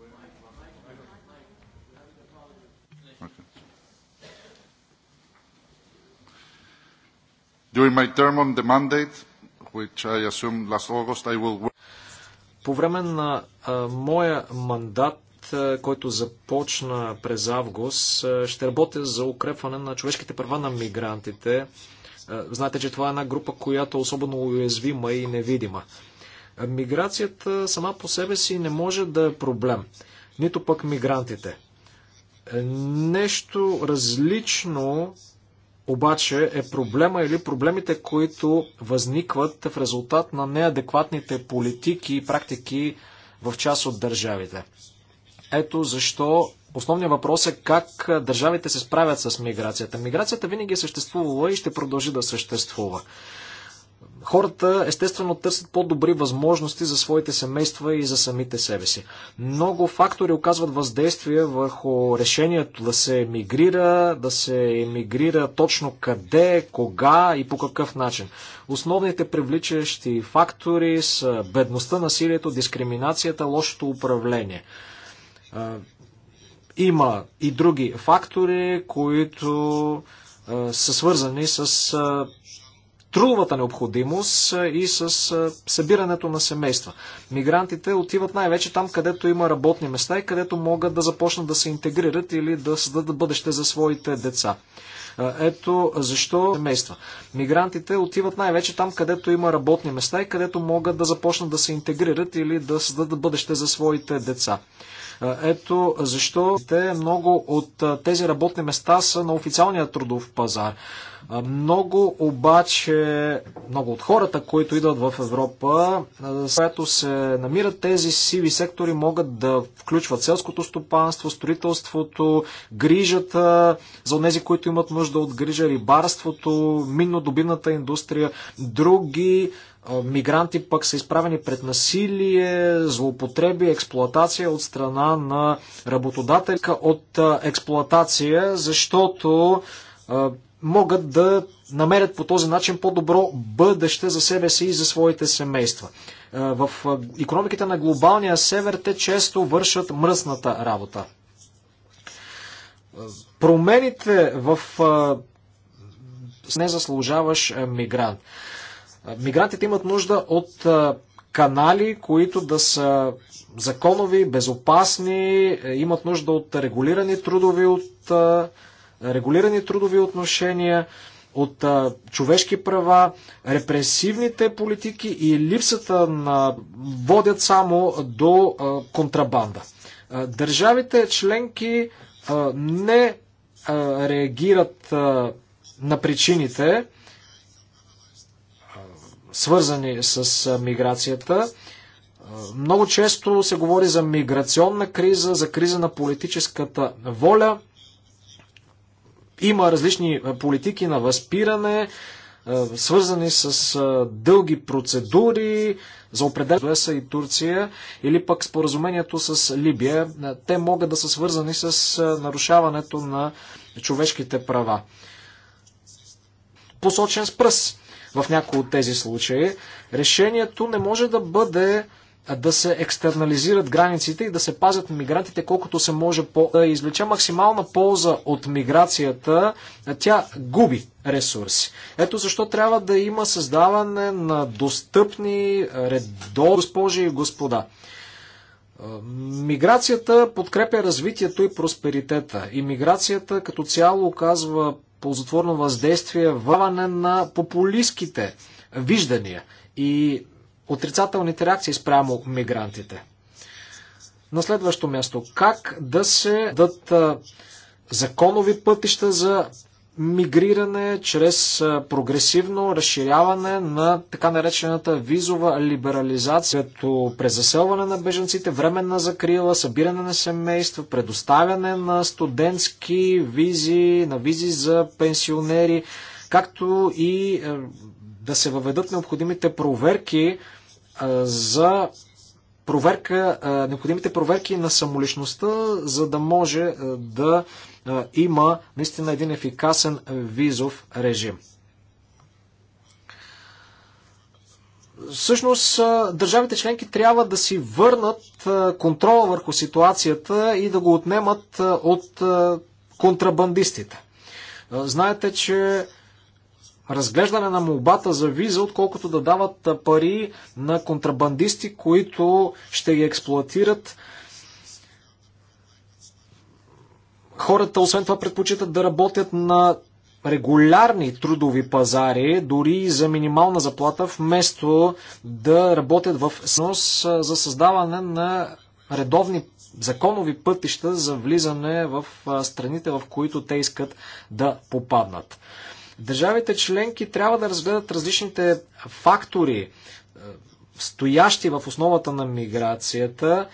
During my term on the mandate, which I assumed last August, I will... По време на а, моя мандат, който започна през август, ще работя за укрепване на човешките права на мигрантите. Знаете, че това е една група, която е особено уязвима и невидима. Миграцията сама по себе си не може да е проблем, нито пък мигрантите. Е, нещо различно обаче е проблема или проблемите, които възникват в резултат на неадекватните политики и практики в част от държавите. Ето защо основният въпрос е как държавите се справят с миграцията. Миграцията винаги е съществувала и ще продължи да съществува. Хората естествено търсят по-добри възможности за своите семейства и за самите себе си. Много фактори оказват въздействие върху решението да се емигрира, да се емигрира точно къде, кога и по какъв начин. Основните привличащи фактори са бедността, насилието, дискриминацията, лошото управление. Има и други фактори, които са свързани с трудовата необходимост и с събирането на семейства. Мигрантите отиват най-вече там, където има работни места и където могат да започнат да се интегрират или да създадат бъдеще за своите деца. Ето защо семейства. Мигрантите отиват най-вече там, където има работни места и където могат да започнат да се интегрират или да създадат бъдеще за своите деца. Ето защо те, много от тези работни места са на официалния трудов пазар. Много обаче, много от хората, които идват в Европа, което се намират тези сиви сектори, могат да включват селското стопанство, строителството, грижата, за тези, които имат нужда от грижа, рибарството, миннодобивната индустрия, други мигранти пък са изправени пред насилие, злоупотреби, експлоатация от страна на работодателка от експлоатация, защото могат да намерят по този начин по-добро бъдеще за себе си и за своите семейства. В економиките на глобалния север те често вършат мръсната работа. Промените в незаслужаваш мигрант. Мигрантите имат нужда от канали, които да са законови, безопасни, е, имат нужда от регулирани трудови, от, регулирани трудови отношения, от човешки права, репресивните политики и липсата на водят само до контрабанда. Държавите членки не реагират на причините, свързани с миграцията. Много често се говори за миграционна криза, за криза на политическата воля. Има различни политики на възпиране, свързани с дълги процедури за определение ЕСА и Турция или пък споразумението с Либия. Те могат да са свързани с нарушаването на човешките права. Посочен с пръст в някои от тези случаи. Решението не може да бъде да се екстернализират границите и да се пазят мигрантите колкото се може по... да извлече максимална полза от миграцията, тя губи ресурси. Ето защо трябва да има създаване на достъпни редо, госпожи и господа. Миграцията подкрепя развитието и просперитета. Имиграцията като цяло оказва ползотворно въздействие върване на популистските виждания и отрицателните реакции спрямо мигрантите. На следващо място, как да се дадат законови пътища за мигриране, чрез прогресивно разширяване на така наречената визова либерализация, като презаселване на беженците, временна закрила, събиране на семейства, предоставяне на студентски визи, на визи за пенсионери, както и да се въведат необходимите проверки за проверка, необходимите проверки на самоличността, за да може да има наистина един ефикасен визов режим. Всъщност, държавите членки трябва да си върнат контрола върху ситуацията и да го отнемат от контрабандистите. Знаете, че разглеждане на молбата за виза, отколкото да дават пари на контрабандисти, които ще ги експлуатират, Хората, освен това, предпочитат да работят на регулярни трудови пазари, дори и за минимална заплата, вместо да работят в СНОС за създаване на редовни законови пътища за влизане в страните, в които те искат да попаднат. Държавите членки трябва да разгледат различните фактори, стоящи в основата на миграцията,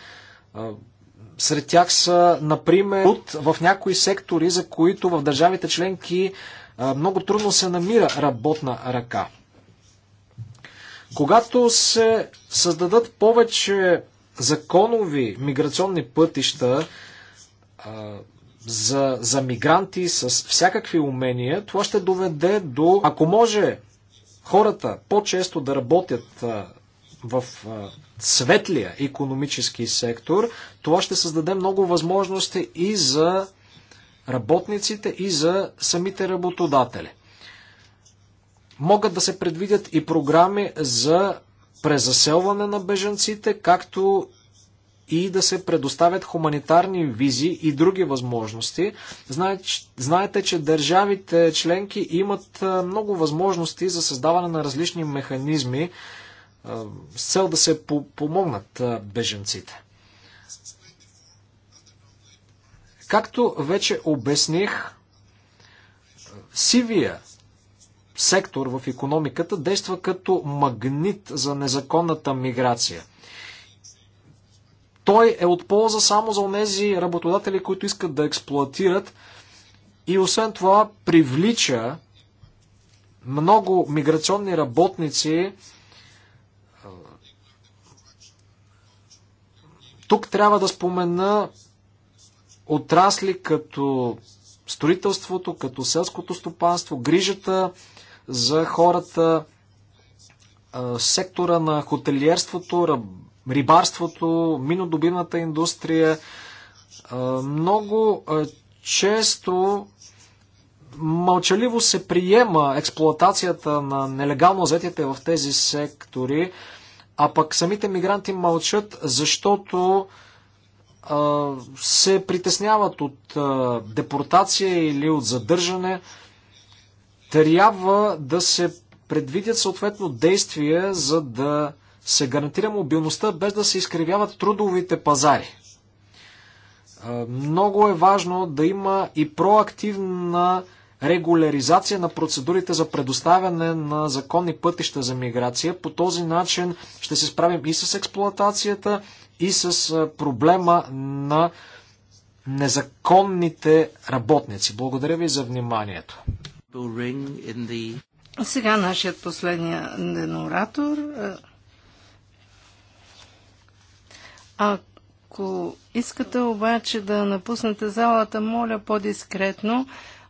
сред тях са, например, в някои сектори, за които в държавите членки много трудно се намира работна ръка. Когато се създадат повече законови миграционни пътища а, за, за мигранти с всякакви умения, това ще доведе до, ако може хората по-често да работят а, в светлия економически сектор, това ще създаде много възможности и за работниците, и за самите работодатели. Могат да се предвидят и програми за презаселване на бежанците, както и да се предоставят хуманитарни визи и други възможности. Знаете, че държавите членки имат много възможности за създаване на различни механизми с цел да се помогнат беженците. Както вече обясних, сивия сектор в економиката действа като магнит за незаконната миграция. Той е от полза само за тези работодатели, които искат да експлуатират и освен това привлича много миграционни работници, Тук трябва да спомена отрасли като строителството, като селското стопанство, грижата за хората, сектора на хотелиерството, рибарството, минодобивната индустрия. Много често мълчаливо се приема експлоатацията на нелегално взетите в тези сектори а пък самите мигранти мълчат, защото а, се притесняват от а, депортация или от задържане. Трябва да се предвидят съответно действия, за да се гарантира мобилността, без да се изкривяват трудовите пазари. Много е важно да има и проактивна регуляризация на процедурите за предоставяне на законни пътища за миграция. По този начин ще се справим и с експлоатацията, и с проблема на незаконните работници. Благодаря ви за вниманието. Сега нашият последния оратор. Ако искате обаче да напуснете залата, моля по-дискретно.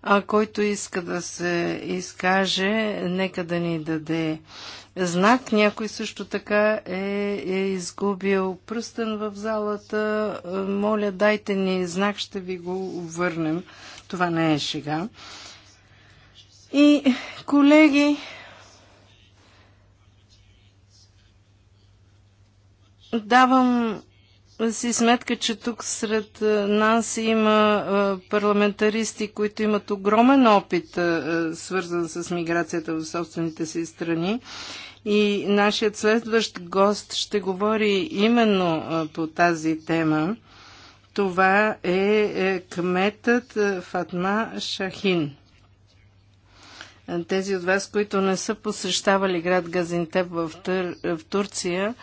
А който иска да се изкаже, нека да ни даде знак. Някой също така е, е изгубил пръстен в залата. Моля, дайте ни знак, ще ви го върнем. Това не е шега. И, колеги, давам си сметка, че тук сред нас има парламентаристи, които имат огромен опит, свързан с миграцията в собствените си страни. И нашият следващ гост ще говори именно по тази тема. Това е, е кметът Фатма Шахин. Тези от вас, които не са посещавали град Газинтеп в, Тур... в Турция,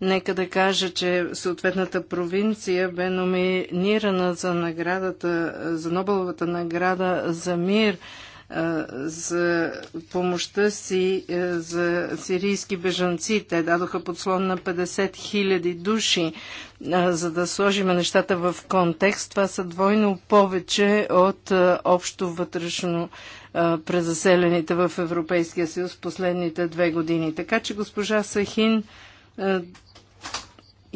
Нека да кажа, че съответната провинция бе номинирана за наградата, за Нобеловата награда за мир за помощта си за сирийски бежанци. Те дадоха подслон на 50 хиляди души. За да сложим нещата в контекст, това са двойно повече от общо вътрешно презаселените в Европейския съюз последните две години. Така че госпожа Сахин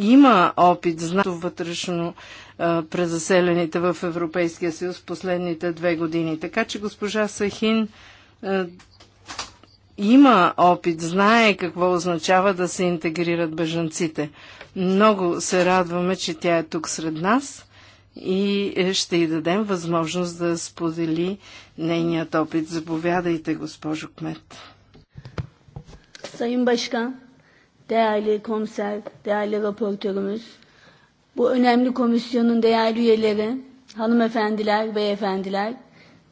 има опит, знато вътрешно презаселените в Европейския съюз последните две години. Така че госпожа Сахин има опит, знае какво означава да се интегрират бежанците. Много се радваме, че тя е тук сред нас и е, ще й дадем възможност да сподели нейният опит. Заповядайте, госпожо Кмет. Sayın башка değerli komiser, değerli raportörümüz, bu önemli komisyonun değerli üyeleri, hanımefendiler, beyefendiler,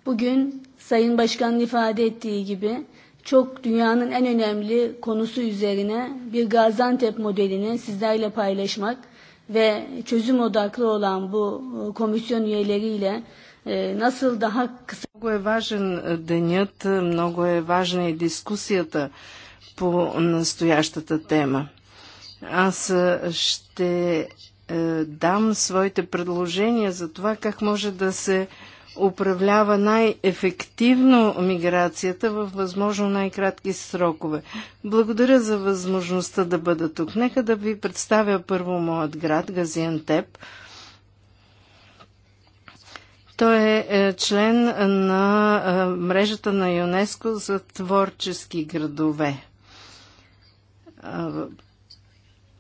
bugün Sayın Başkan'ın ifade ettiği gibi çok dünyanın en önemli konusu üzerine bir Gaziantep modelini sizlerle paylaşmak ve çözüm odaklı olan bu komisyon üyeleriyle nasıl daha kısa... Много е важен денят, много е важна и дискусията по настоящата тема. Аз ще е, дам своите предложения за това как може да се управлява най-ефективно миграцията в възможно най-кратки срокове. Благодаря за възможността да бъда тук. Нека да ви представя първо моят град, Газиантеп. Той е, е член на е, мрежата на ЮНЕСКО за творчески градове.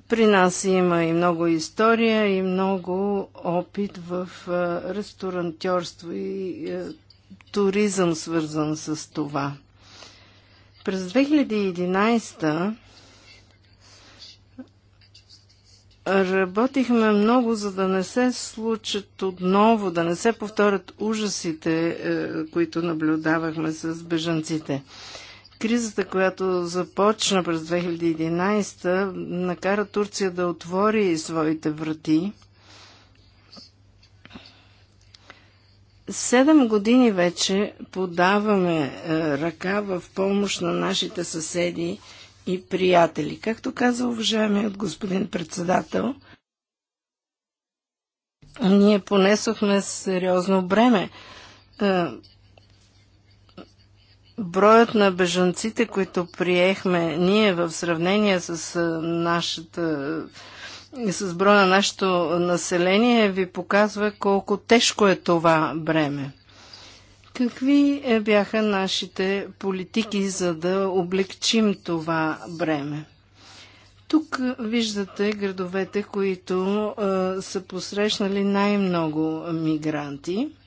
При нас има и много история, и много опит в ресторантьорство и туризъм, свързан с това. През 2011 работихме много, за да не се случат отново, да не се повторят ужасите, е, които наблюдавахме с бежанците. Кризата, която започна през 2011, накара Турция да отвори своите врати. Седем години вече подаваме е, ръка в помощ на нашите съседи и приятели. Както каза уважаемият господин председател, ние понесохме сериозно бреме е, броят на бежанците, които приехме ние в сравнение с нашата с броя на нашето население ви показва колко тежко е това бреме. Какви е, бяха нашите политики, за да облегчим това бреме? Тук виждате градовете, които са посрещнали най-много мигранти –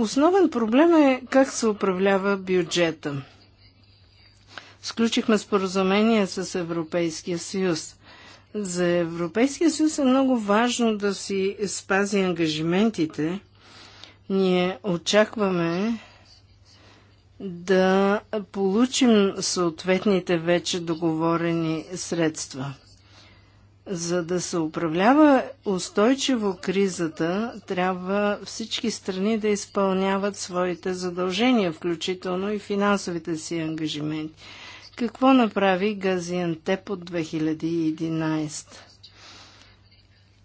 Основен проблем е как се управлява бюджета. Сключихме споразумение с Европейския съюз. За Европейския съюз е много важно да си спази ангажиментите. Ние очакваме да получим съответните вече договорени средства. За да се управлява устойчиво кризата, трябва всички страни да изпълняват своите задължения, включително и финансовите си ангажименти. Какво направи Газиантеп от 2011?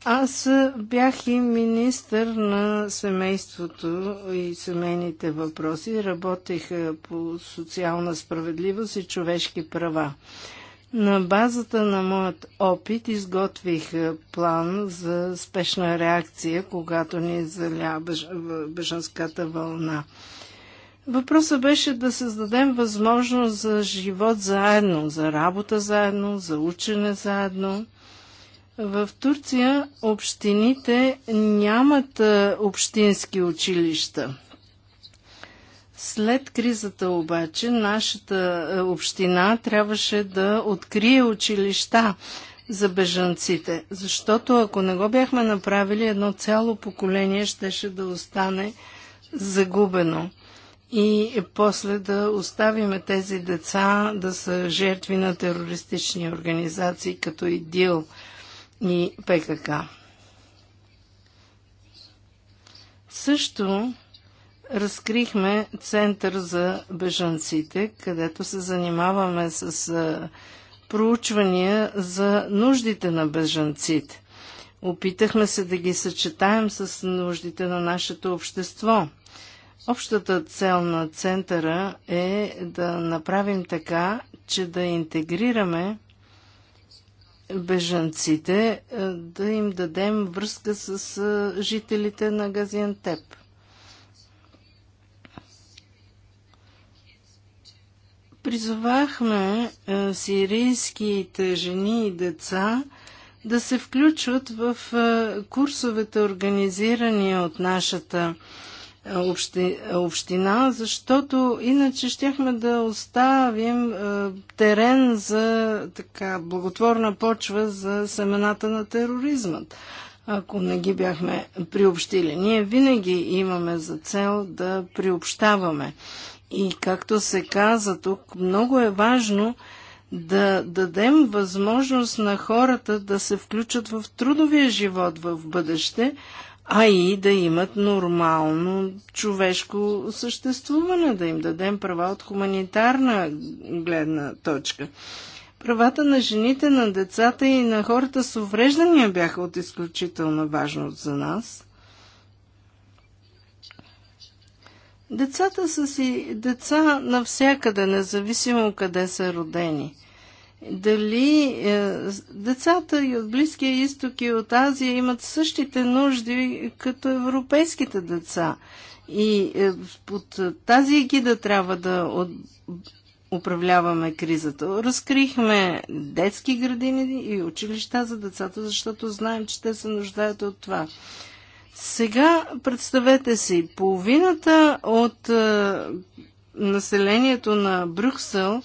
Аз бях и министър на семейството и семейните въпроси. Работех по социална справедливост и човешки права. На базата на моят опит изготвих е, план за спешна реакция, когато ни заля бежанската вълна. Въпросът беше да създадем възможност за живот заедно, за работа заедно, за учене заедно. В Турция общините нямат е, общински училища. След кризата обаче нашата е, община трябваше да открие училища за бежанците, защото ако не го бяхме направили, едно цяло поколение щеше да остане загубено. И после да оставиме тези деца да са жертви на терористични организации, като ИДИЛ и ПКК. Също разкрихме Център за бежанците, където се занимаваме с проучвания за нуждите на бежанците. Опитахме се да ги съчетаем с нуждите на нашето общество. Общата цел на центъра е да направим така, че да интегрираме бежанците, да им дадем връзка с жителите на Газиантеп. Призовахме е, сирийските жени и деца да се включват в е, курсовете, организирани от нашата е, община, защото иначе щяхме да оставим терен за така благотворна почва за семената на тероризмът, ако не ги бяхме приобщили. Ние винаги имаме за цел да приобщаваме. И както се каза тук, много е важно да дадем възможност на хората да се включат в трудовия живот в бъдеще, а и да имат нормално човешко съществуване, да им дадем права от хуманитарна гледна точка. Правата на жените, на децата и на хората с увреждания бяха от изключителна важност за нас – Децата са си деца навсякъде, независимо къде са родени. Дали е, децата и от Близкия изток и от Азия имат същите нужди като европейските деца. И е, под тази егида трябва да от, управляваме кризата. Разкрихме детски градини и училища за децата, защото знаем, че те се нуждаят от това. Сега представете си, половината от е, населението на Брюксел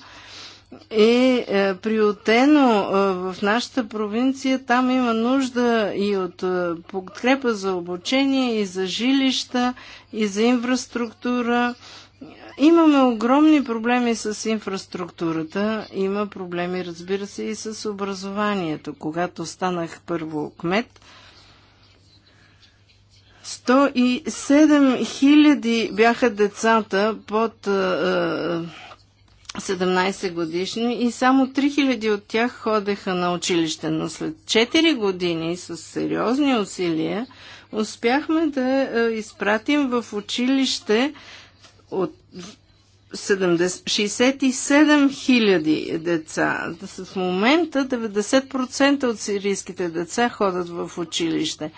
е, е приотено е, в нашата провинция. Там има нужда и от е, подкрепа за обучение, и за жилища, и за инфраструктура. Имаме огромни проблеми с инфраструктурата, има проблеми, разбира се, и с образованието. Когато станах първо кмет, 107 хиляди бяха децата под 17 годишни и само 3 хиляди от тях ходеха на училище, но след 4 години с сериозни усилия успяхме да изпратим в училище от 70, 67 хиляди деца. В момента 90% от сирийските деца ходят в училище.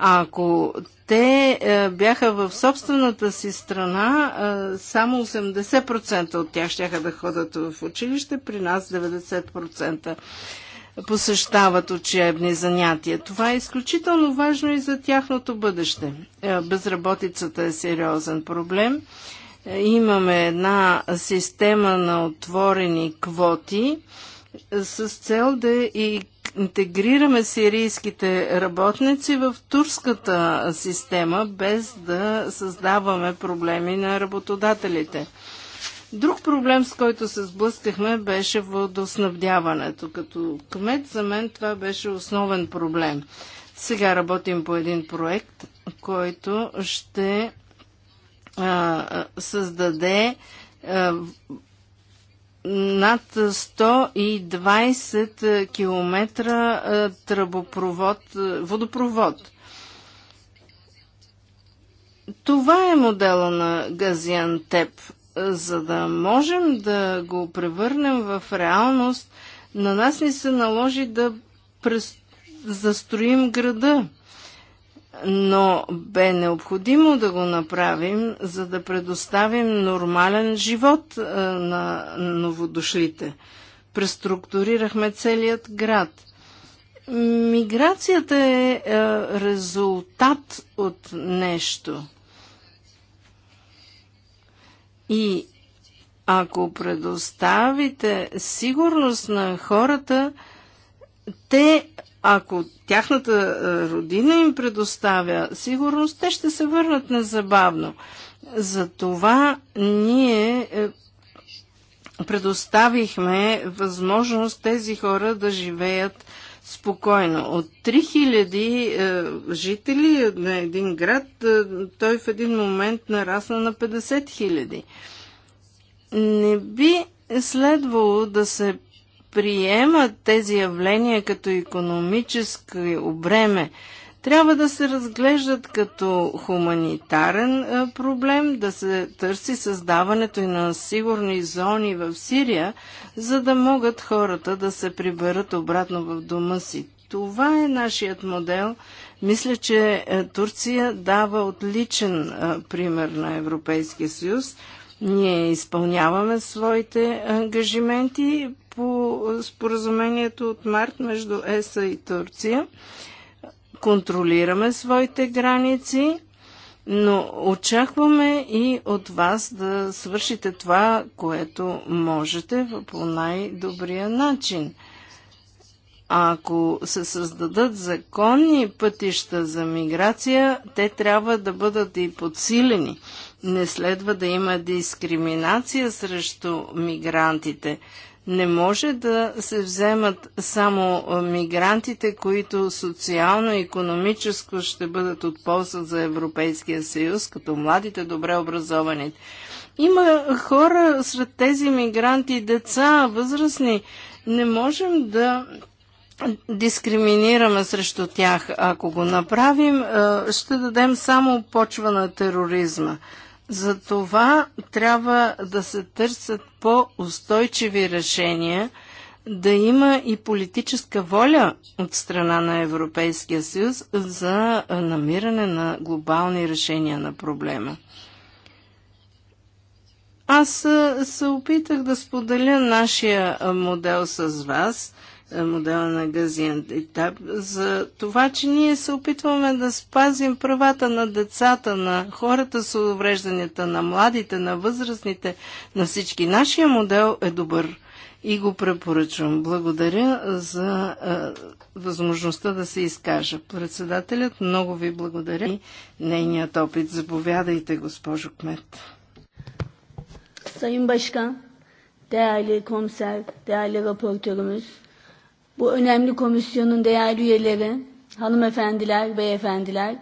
А ако те е, бяха в собствената си страна, е, само 80% от тях ще да ходят в училище, при нас 90% посещават учебни занятия. Това е изключително важно и за тяхното бъдеще. Е, безработицата е сериозен проблем. Е, имаме една система на отворени квоти с цел да и интегрираме сирийските работници в турската система, без да създаваме проблеми на работодателите. Друг проблем, с който се сблъскахме, беше водоснабдяването. Като кмет за мен това беше основен проблем. Сега работим по един проект, който ще а, създаде над 120 е, км е, тръбопровод, е, водопровод. Това е модела на Газиантеп. За да можем да го превърнем в реалност, на нас ни се наложи да през... застроим града но бе необходимо да го направим, за да предоставим нормален живот е, на новодошлите. Преструктурирахме целият град. Миграцията е, е резултат от нещо. И ако предоставите сигурност на хората, те, ако тяхната е, родина им предоставя сигурност, те ще се върнат незабавно. Затова ние е, предоставихме възможност тези хора да живеят спокойно. От 3000 е, жители на един град, е, той в един момент нарасна на 50 000. Не би следвало да се приемат тези явления като економическо обреме. Трябва да се разглеждат като хуманитарен проблем, да се търси създаването и на сигурни зони в Сирия, за да могат хората да се приберат обратно в дома си. Това е нашият модел. Мисля, че е, Турция дава отличен пример на Европейския съюз. Ние изпълняваме своите ангажименти по споразумението от март между ЕСА и Турция. Контролираме своите граници, но очакваме и от вас да свършите това, което можете по най-добрия начин. А ако се създадат законни пътища за миграция, те трябва да бъдат и подсилени. Не следва да има дискриминация срещу мигрантите. Не може да се вземат само мигрантите, които социално-економическо и ще бъдат от полза за Европейския съюз, като младите, добре образованите. Има хора сред тези мигранти, деца, възрастни. Не можем да дискриминираме срещу тях. Ако го направим, ще дадем само почва на тероризма. За това трябва да се търсят по-устойчиви решения, да има и политическа воля от страна на Европейския съюз за намиране на глобални решения на проблема. Аз се опитах да споделя нашия модел с вас – е, модела на Газиантеп, за това, че ние се опитваме да спазим правата на децата, на хората с уврежданията, на младите, на възрастните, на всички. Нашия модел е добър и го препоръчвам. Благодаря за а, е, възможността да се изкажа. Председателят, много ви благодаря и нейният опит. Заповядайте, госпожо Кмет. Sayın Başkan, değerli komiser, değerli raportörümüz, bu önemli komisyonun değerli üyeleri, hanımefendiler, beyefendiler,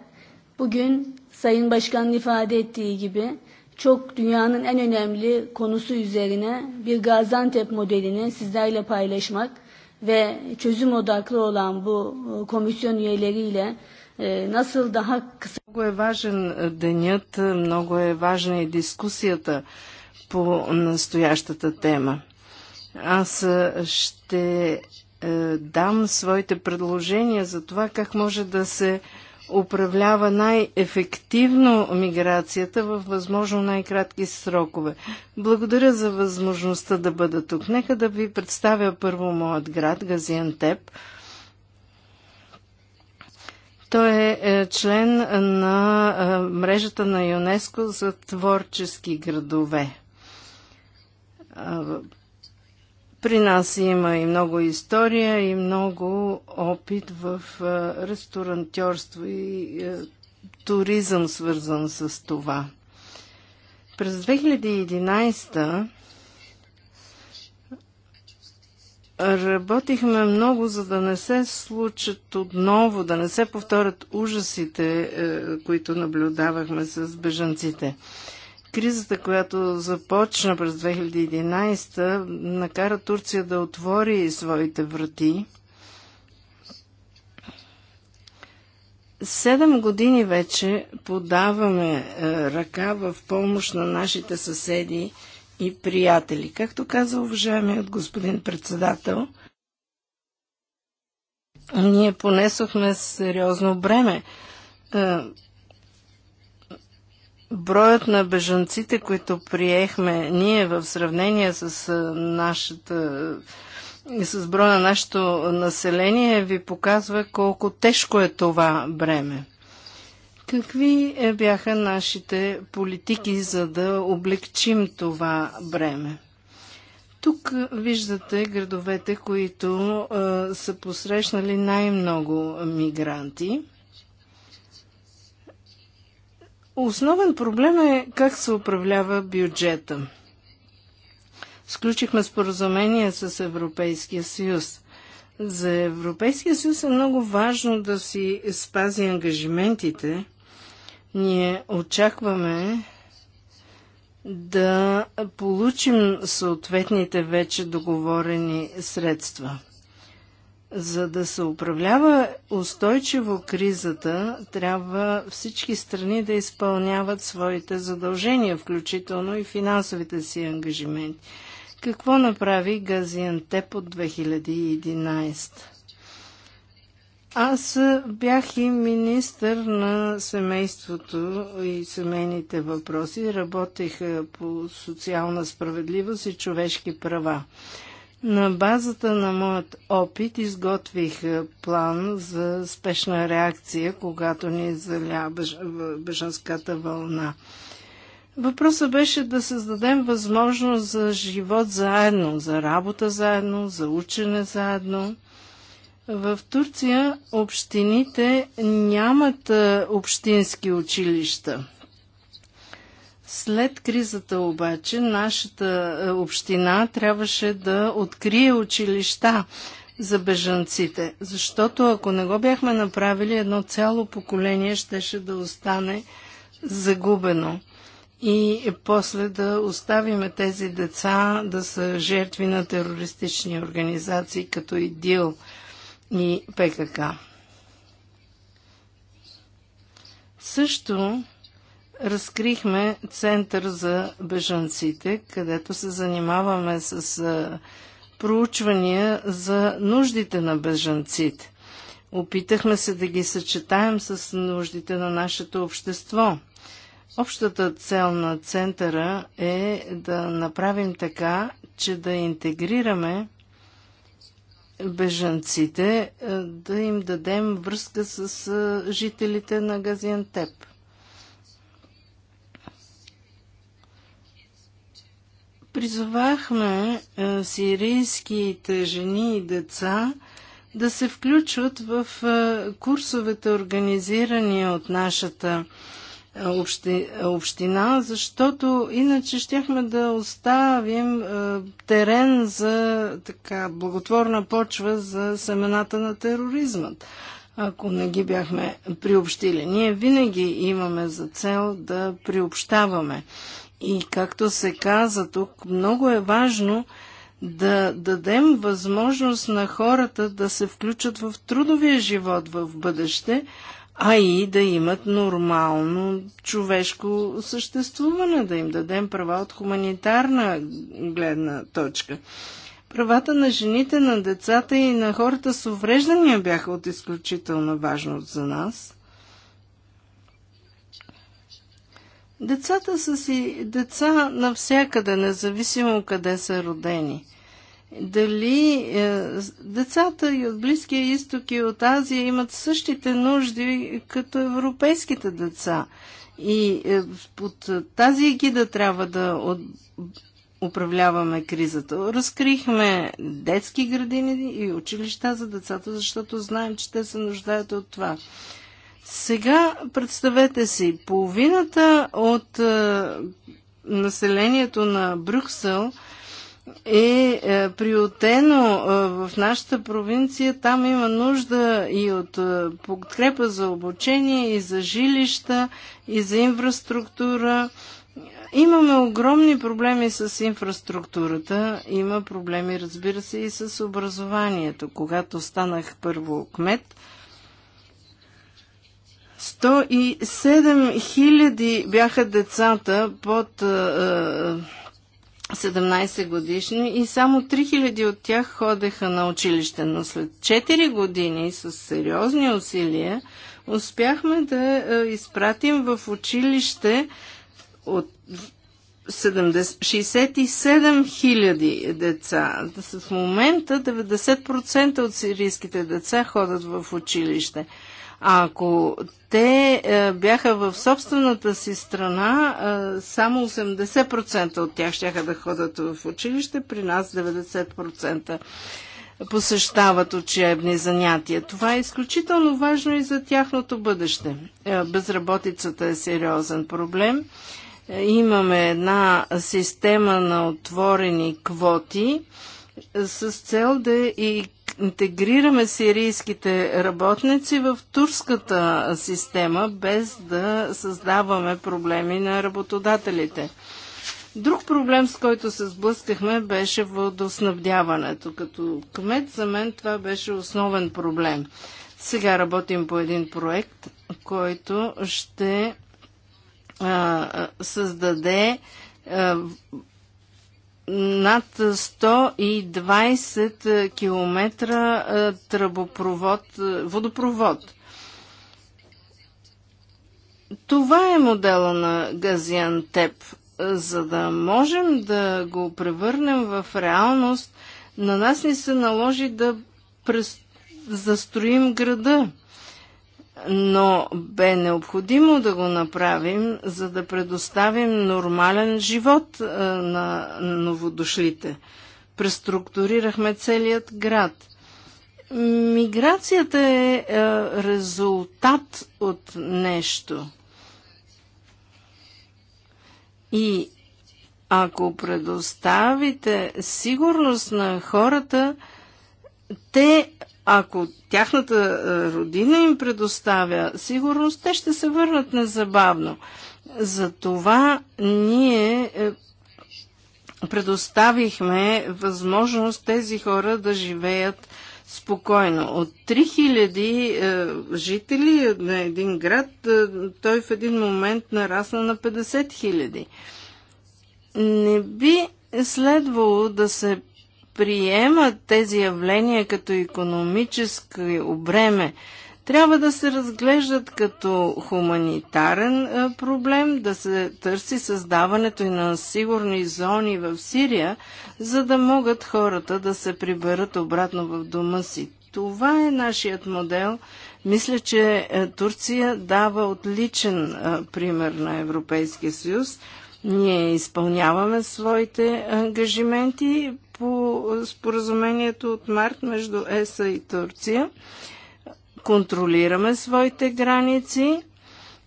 bugün Sayın Başkan'ın ifade ettiği gibi çok dünyanın en önemli konusu üzerine bir Gaziantep modelini sizlerle paylaşmak ve çözüm odaklı olan bu komisyon üyeleriyle nasıl daha kısa... Много е важен денят, много е важна и дискусията по настоящата тема. Аз ще е, дам своите предложения за това как може да се управлява най-ефективно миграцията в възможно най-кратки срокове. Благодаря за възможността да бъда тук. Нека да ви представя първо моят град, Газиантеп. Той е, е член на е, мрежата на ЮНЕСКО за творчески градове. При нас има и много история, и много опит в ресторантьорство и туризъм, свързан с това. През 2011 работихме много, за да не се случат отново, да не се повторят ужасите, е, които наблюдавахме с бежанците кризата, която започна през 2011, накара Турция да отвори своите врати. Седем години вече подаваме е, ръка в помощ на нашите съседи и приятели. Както каза уважаемият господин председател, ние понесохме сериозно бреме е, Броят на бежанците, които приехме ние в сравнение с нашата с броя на нашето население ви показва колко тежко е това бреме. Какви е бяха нашите политики, за да облегчим това бреме? Тук виждате градовете, които са посрещнали най-много мигранти – Основен проблем е как се управлява бюджета. Сключихме споразумение с Европейския съюз. За Европейския съюз е много важно да си спази ангажиментите. Ние очакваме да получим съответните вече договорени средства. За да се управлява устойчиво кризата, трябва всички страни да изпълняват своите задължения, включително и финансовите си ангажименти. Какво направи Газиантеп от 2011? Аз бях и министър на семейството и семейните въпроси. Работех по социална справедливост и човешки права. На базата на моят опит изготвих е, план за спешна реакция, когато ни заля бежанската вълна. Въпросът беше да създадем възможност за живот заедно, за работа заедно, за учене заедно. В Турция общините нямат е, общински училища. След кризата обаче нашата е, община трябваше да открие училища за бежанците, защото ако не го бяхме направили, едно цяло поколение щеше да остане загубено и после да оставиме тези деца да са жертви на терористични организации като ИДИЛ и ПКК. Също разкрихме Център за бежанците, където се занимаваме с проучвания за нуждите на бежанците. Опитахме се да ги съчетаем с нуждите на нашето общество. Общата цел на центъра е да направим така, че да интегрираме бежанците, да им дадем връзка с жителите на Газиантеп. Призовахме е, сирийските жени и деца да се включват в е, курсовете, организирани от нашата е, община, защото иначе щяхме да оставим терен за така благотворна почва за семената на тероризмът, ако не ги бяхме приобщили. Ние винаги имаме за цел да приобщаваме и както се каза тук, много е важно да дадем възможност на хората да се включат в трудовия живот в бъдеще, а и да имат нормално човешко съществуване, да им дадем права от хуманитарна гледна точка. Правата на жените, на децата и на хората с увреждания бяха от изключително важност за нас – Децата са си деца навсякъде, независимо къде са родени. Дали е, децата и от Близкия изток и от Азия имат същите нужди като европейските деца. И е, под тази егида трябва да от, управляваме кризата. Разкрихме детски градини и училища за децата, защото знаем, че те се нуждаят от това. Сега представете си, половината от е, населението на Брюксел е, е приотено е, в нашата провинция. Там има нужда и от е, подкрепа за обучение, и за жилища, и за инфраструктура. Имаме огромни проблеми с инфраструктурата. Има проблеми, разбира се, и с образованието. Когато станах първо кмет, 107 хиляди бяха децата под 17 годишни и само 3 хиляди от тях ходеха на училище, но след 4 години с сериозни усилия успяхме да изпратим в училище от 70, 67 000 деца. В момента 90% от сирийските деца ходят в училище. А ако те е, бяха в собствената си страна, е, само 80% от тях ще да ходят в училище, при нас 90% посещават учебни занятия. Това е изключително важно и за тяхното бъдеще. Е, безработицата е сериозен проблем. Имаме една система на отворени квоти с цел да и интегрираме сирийските работници в турската система, без да създаваме проблеми на работодателите. Друг проблем, с който се сблъскахме, беше водоснабдяването. Като кмет за мен това беше основен проблем. Сега работим по един проект, който ще а, създаде а, над 120 е, км е, тръбопровод, е, водопровод. Това е модела на Газиантеп. За да можем да го превърнем в реалност, на нас ни се наложи да през... застроим града но бе необходимо да го направим, за да предоставим нормален живот е, на новодошлите. Преструктурирахме целият град. Миграцията е, е резултат от нещо. И ако предоставите сигурност на хората, те ако тяхната е, родина им предоставя сигурност, те ще се върнат незабавно. Затова ние е, предоставихме възможност тези хора да живеят спокойно. От 3000 е, жители на един град, той в един момент нарасна на 50 000. Не би следвало да се приемат тези явления като економическо обреме. Трябва да се разглеждат като хуманитарен е, проблем, да се търси създаването и на сигурни зони в Сирия, за да могат хората да се приберат обратно в дома си. Това е нашият модел. Мисля, че е, Турция дава отличен е, пример на Европейския съюз. Ние изпълняваме своите ангажименти, по споразумението от март между ЕСА и Турция. Контролираме своите граници,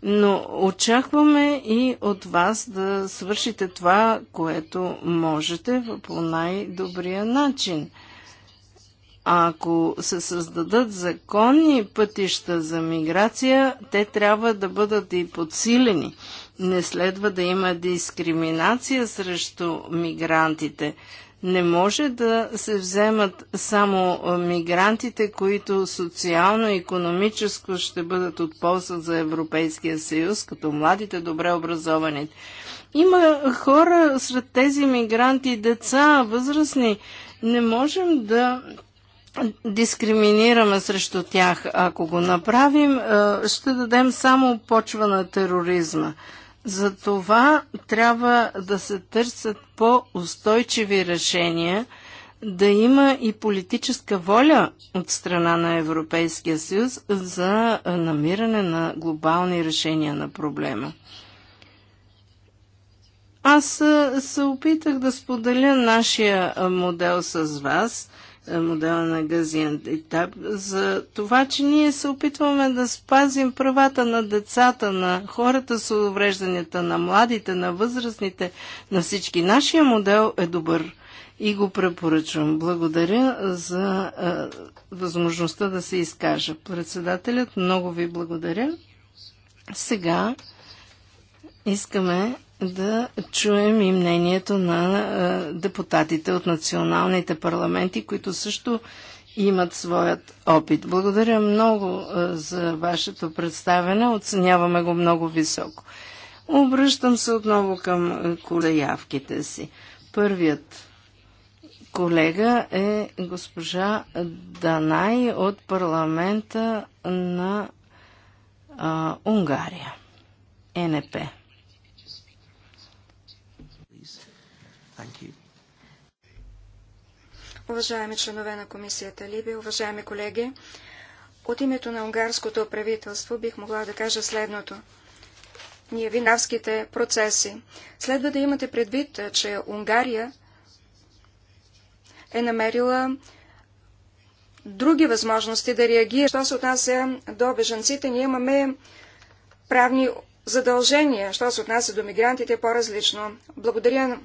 но очакваме и от вас да свършите това, което можете по най-добрия начин. А ако се създадат законни пътища за миграция, те трябва да бъдат и подсилени. Не следва да има дискриминация срещу мигрантите. Не може да се вземат само мигрантите, които социално-економическо и ще бъдат от полза за Европейския съюз, като младите, добре образованите. Има хора сред тези мигранти, деца, възрастни. Не можем да дискриминираме срещу тях. Ако го направим, ще дадем само почва на тероризма. За това трябва да се търсят по-устойчиви решения, да има и политическа воля от страна на Европейския съюз за намиране на глобални решения на проблема. Аз се опитах да споделя нашия модел с вас – е, модела на Газиен етап, за това, че ние се опитваме да спазим правата на децата, на хората с увреждането, на младите, на възрастните, на всички. Нашия модел е добър и го препоръчвам. Благодаря за е, възможността да се изкажа. Председателят, много ви благодаря. Сега искаме да чуем и мнението на депутатите от националните парламенти, които също имат своят опит. Благодаря много за вашето представене. Оценяваме го много високо. Обръщам се отново към колеявките си. Първият колега е госпожа Данай от парламента на а, Унгария. Е НП. Thank you. Уважаеми членове на комисията Либи, уважаеми колеги, от името на унгарското правителство бих могла да кажа следното. Ние винавските процеси. Следва да имате предвид, че Унгария е намерила други възможности да реагира. Що се отнася до бежанците, ние имаме правни задължения. Що се отнася до мигрантите, е по-различно. Благодаря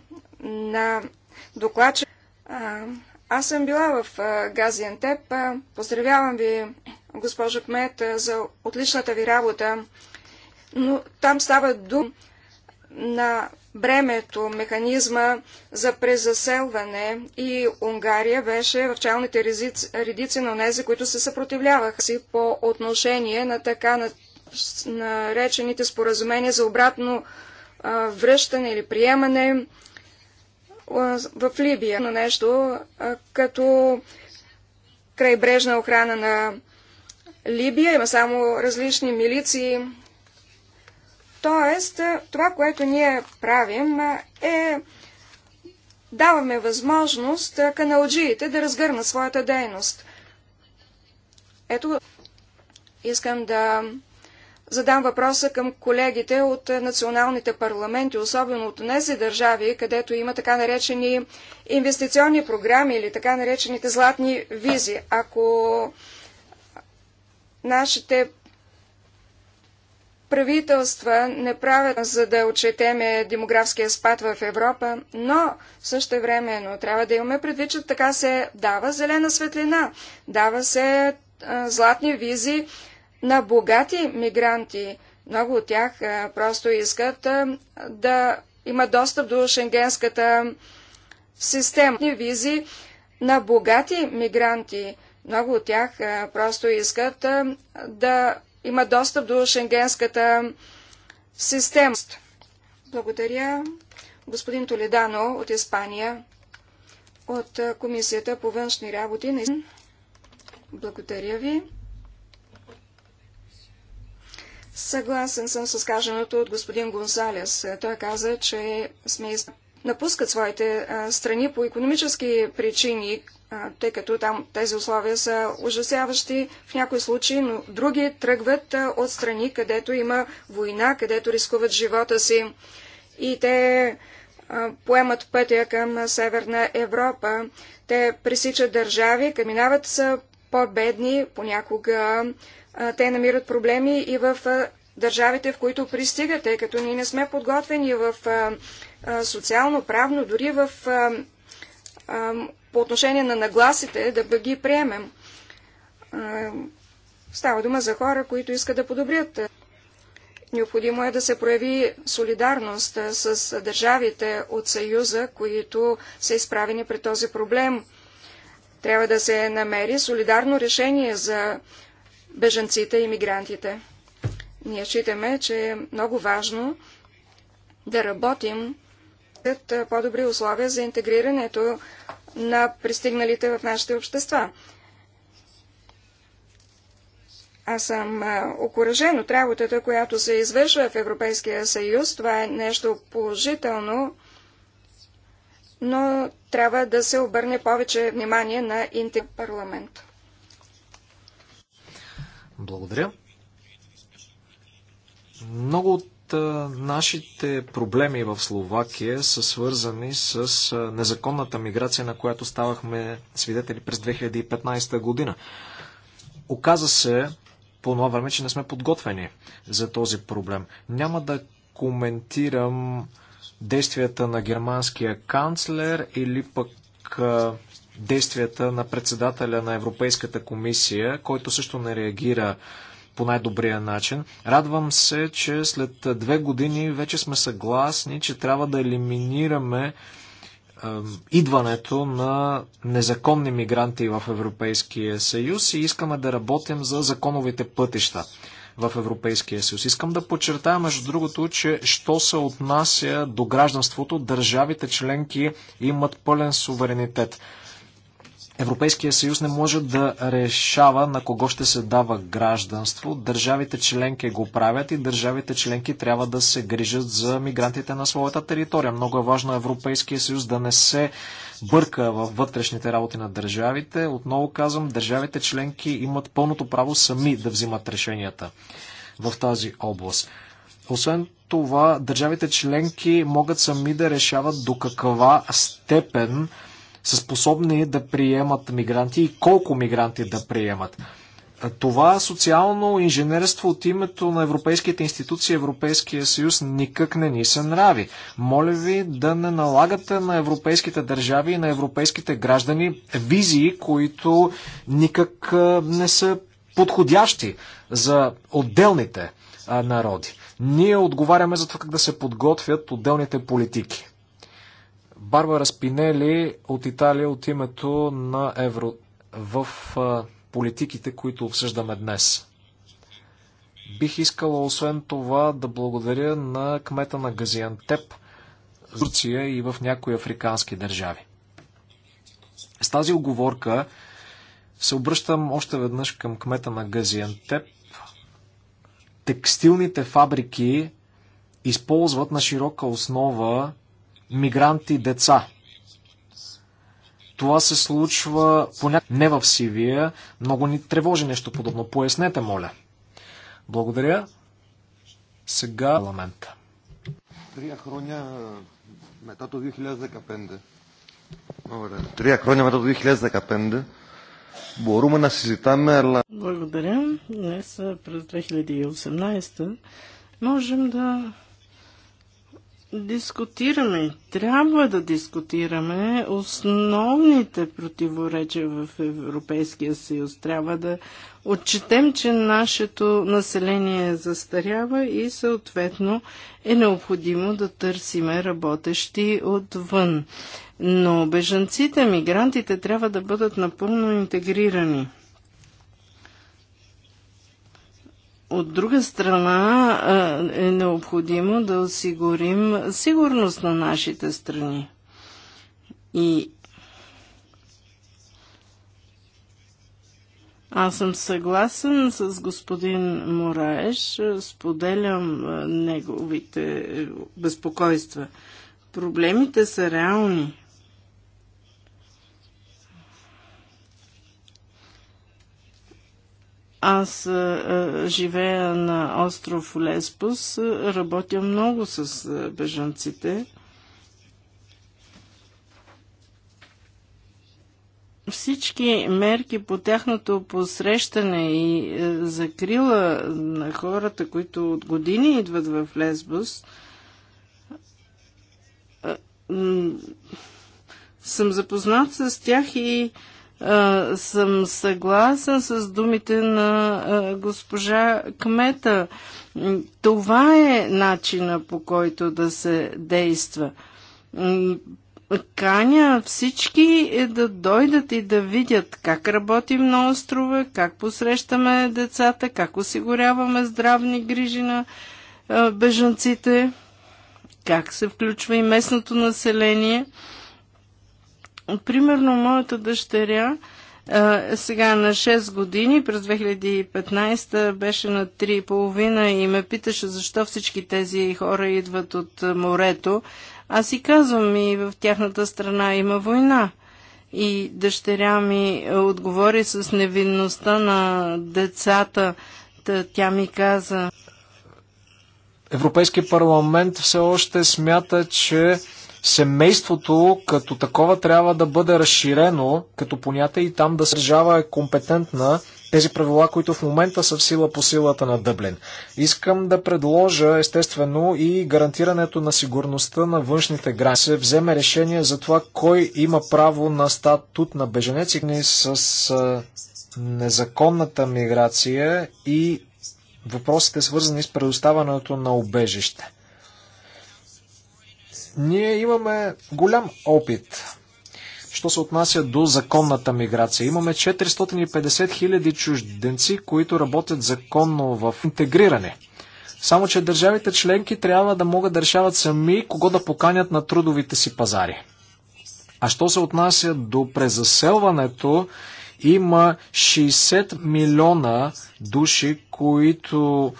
на докладчик. Аз съм била в Газиантеп. Поздравявам ви, госпожо Кмет, за отличната ви работа. Но там става дум на бремето, механизма за презаселване и Унгария беше в челните редици на тези, които се съпротивляваха си по отношение на така наречените споразумения за обратно а, връщане или приемане в Либия, но нещо като крайбрежна охрана на Либия, има само различни милиции. Тоест, това, което ние правим е даваме възможност каналджиите да разгърнат своята дейност. Ето, искам да задам въпроса към колегите от е, националните парламенти, особено от тези държави, където има така наречени инвестиционни програми или така наречените златни визи. Ако нашите правителства не правят, за да отчетеме демографския спад в Европа, но също времено трябва да имаме предвид, че така се дава зелена светлина, дава се е, златни визи на богати мигранти. Много от тях просто искат да имат достъп до шенгенската система. Визи на богати мигранти. Много от тях просто искат да имат достъп до шенгенската система. Благодаря господин Толедано от Испания, от Комисията по външни работи. Благодаря ви. Съгласен съм с каженото от господин Гонсалес. Той каза, че сме напускат своите страни по економически причини, тъй като там тези условия са ужасяващи в някои случаи, но други тръгват от страни, където има война, където рискуват живота си и те поемат пътя към Северна Европа. Те пресичат държави, каминават са по-бедни, понякога те намират проблеми и в държавите, в които пристигат, тъй като ние не сме подготвени в социално, правно, дори в, по отношение на нагласите да ги приемем. Става дума за хора, които искат да подобрят. Необходимо е да се прояви солидарност с държавите от Съюза, които са изправени пред този проблем. Трябва да се намери солидарно решение за беженците и мигрантите. Ние считаме, че е много важно да работим след по-добри условия за интегрирането на пристигналите в нашите общества. Аз съм окоръжен от работата, която се извършва в Европейския съюз. Това е нещо положително, но трябва да се обърне повече внимание на интерпарламент. Благодаря. Много от нашите проблеми в Словакия са свързани с незаконната миграция, на която ставахме свидетели през 2015 година. Оказа се по това време, че не сме подготвени за този проблем. Няма да коментирам действията на германския канцлер или пък действията на председателя на Европейската комисия, който също не реагира по най-добрия начин. Радвам се, че след две години вече сме съгласни, че трябва да елиминираме идването на незаконни мигранти в Европейския съюз и искаме да работим за законовите пътища в Европейския съюз. Искам да подчертая, между другото, че що се отнася до гражданството, държавите членки имат пълен суверенитет. Европейския съюз не може да решава на кого ще се дава гражданство. Държавите членки го правят и държавите членки трябва да се грижат за мигрантите на своята територия. Много е важно Европейския съюз да не се бърка във вътрешните работи на държавите. Отново казвам, държавите членки имат пълното право сами да взимат решенията в тази област. Освен това, държавите членки могат сами да решават до каква степен са способни да приемат мигранти и колко мигранти да приемат. Това социално инженерство от името на европейските институции Европейския съюз никак не ни се нрави. Моля ви да не налагате на европейските държави и на европейските граждани визии, които никак не са подходящи за отделните народи. Ние отговаряме за това как да се подготвят отделните политики. Барбара Спинели от Италия от името на Евро в политиките, които обсъждаме днес. Бих искала освен това да благодаря на кмета на Газиантеп, Турция и в някои африкански държави. С тази оговорка се обръщам още веднъж към кмета на Газиантеп. Текстилните фабрики използват на широка основа мигранти деца. Това се случва понякога не в Сивия. Много ни тревожи нещо подобно. Пояснете, моля. Благодаря. Сега парламента. Трия хроня метато το 2015. Ωραία. Τρία χρόνια μετά 2015 μπορούμε на συζητάμε, αλλά... Благодаря. Днес, през 2018, можем да дискутираме, трябва да дискутираме основните противоречия в Европейския съюз. Трябва да отчетем, че нашето население застарява и съответно е необходимо да търсиме работещи отвън. Но бежанците, мигрантите трябва да бъдат напълно интегрирани. От друга страна е, е необходимо да осигурим сигурност на нашите страни. И Аз съм съгласен с господин Мораеш, споделям е, неговите е, безпокойства. Проблемите са реални. Аз е, е, живея на остров Леспус, е, работя много с бежанците. всички мерки по тяхното посрещане и закрила на хората, които от години идват в Лесбос, съм запознат с тях и съм съгласен с думите на госпожа Кмета. Това е начина по който да се действа. Каня всички е да дойдат и да видят как работим на острова, как посрещаме децата, как осигуряваме здравни грижи на бежанците, как се включва и местното население – Примерно, моята дъщеря сега на 6 години, през 2015 беше на 3,5 и ме питаше защо всички тези хора идват от морето. Аз си казвам и в тяхната страна има война. И дъщеря ми отговори с невинността на децата. тя ми каза. Европейския парламент все още смята, че Семейството като такова трябва да бъде разширено като понятие и там да държава е компетентна тези правила, които в момента са в сила по силата на Дъблин. Искам да предложа, естествено, и гарантирането на сигурността на външните граници. Се вземе решение за това, кой има право на статут на беженец и с незаконната миграция и въпросите свързани с предоставането на обежище. Ние имаме голям опит, що се отнася до законната миграция. Имаме 450 000 чужденци, които работят законно в интегриране. Само, че държавите членки трябва да могат да решават сами кого да поканят на трудовите си пазари. А що се отнася до презаселването, има 60 милиона души, които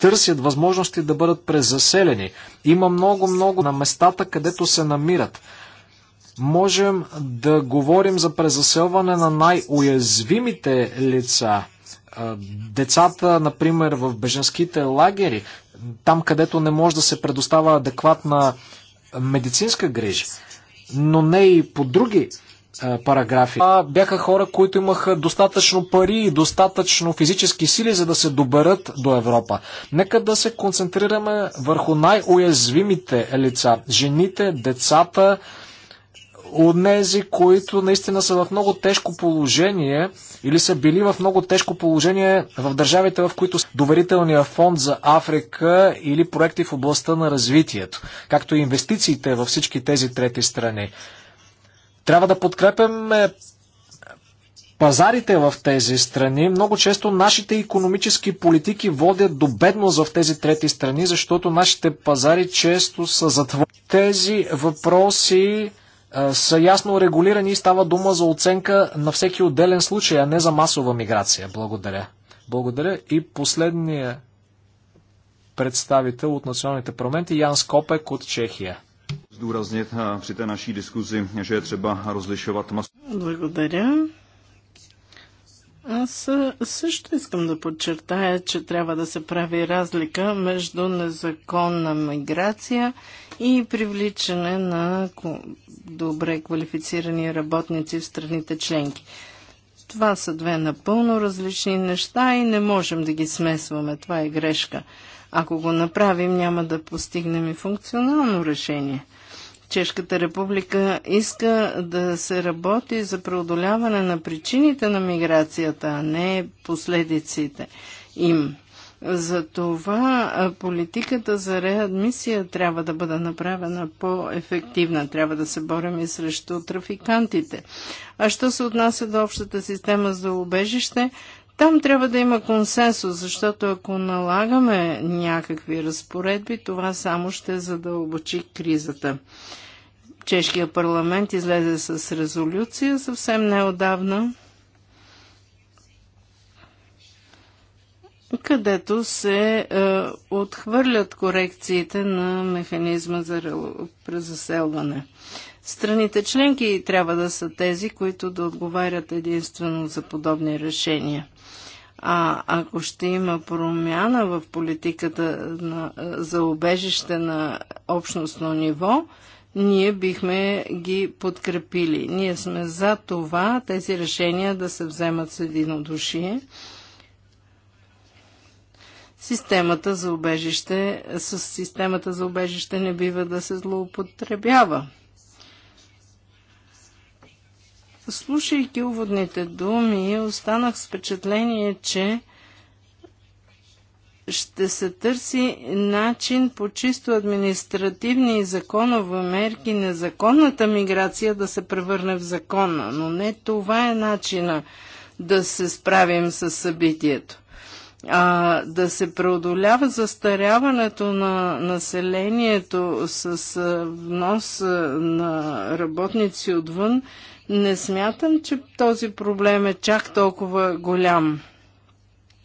търсят възможности да бъдат презаселени. Има много-много на местата, където се намират. Можем да говорим за презаселване на най-уязвимите лица. Децата, например, в беженските лагери, там където не може да се предостава адекватна медицинска грижа, но не и по други параграфи. А бяха хора, които имаха достатъчно пари и достатъчно физически сили, за да се доберат до Европа. Нека да се концентрираме върху най-уязвимите лица. Жените, децата, от нези, които наистина са в много тежко положение или са били в много тежко положение в държавите, в които доверителният фонд за Африка или проекти в областта на развитието, както и инвестициите във всички тези трети страни. Трябва да подкрепяме пазарите в тези страни. Много често нашите економически политики водят до бедност в тези трети страни, защото нашите пазари често са затворени. Тези въпроси са ясно регулирани и става дума за оценка на всеки отделен случай, а не за масова миграция. Благодаря. Благодаря. И последния представител от националните парламенти Ян Скопек от Чехия zdůraznit eh, při té naší diskuzi, že je třeba rozlišovat maso. Благодаря. Аз също искам да подчертая, че трябва да се прави разлика между незаконна миграция и привличане на добре квалифицирани работници в страните членки. Това са две напълно различни неща и не можем да ги смесваме. Това е грешка. Ако го направим, няма да постигнем и функционално решение – Чешката република иска да се работи за преодоляване на причините на миграцията, а не последиците им. Затова политиката за реадмисия трябва да бъде направена по-ефективна. Трябва да се борим и срещу трафикантите. А що се отнася до общата система за убежище, там трябва да има консенсус, защото ако налагаме някакви разпоредби, това само ще задълбочи кризата. Чешкия парламент излезе с резолюция съвсем неодавна, където се е, отхвърлят корекциите на механизма за презаселване. Страните членки трябва да са тези, които да отговарят единствено за подобни решения. А ако ще има промяна в политиката на, за обежище на общностно ниво, ние бихме ги подкрепили. Ние сме за това тези решения да се вземат с единодушие. Системата за обежище, с системата за обежище не бива да се злоупотребява. Слушайки уводните думи, останах с впечатление, че ще се търси начин по чисто административни и законови мерки незаконната миграция да се превърне в законна, но не това е начина да се справим с събитието. А, да се преодолява застаряването на населението с внос на работници отвън не смятам, че този проблем е чак толкова голям.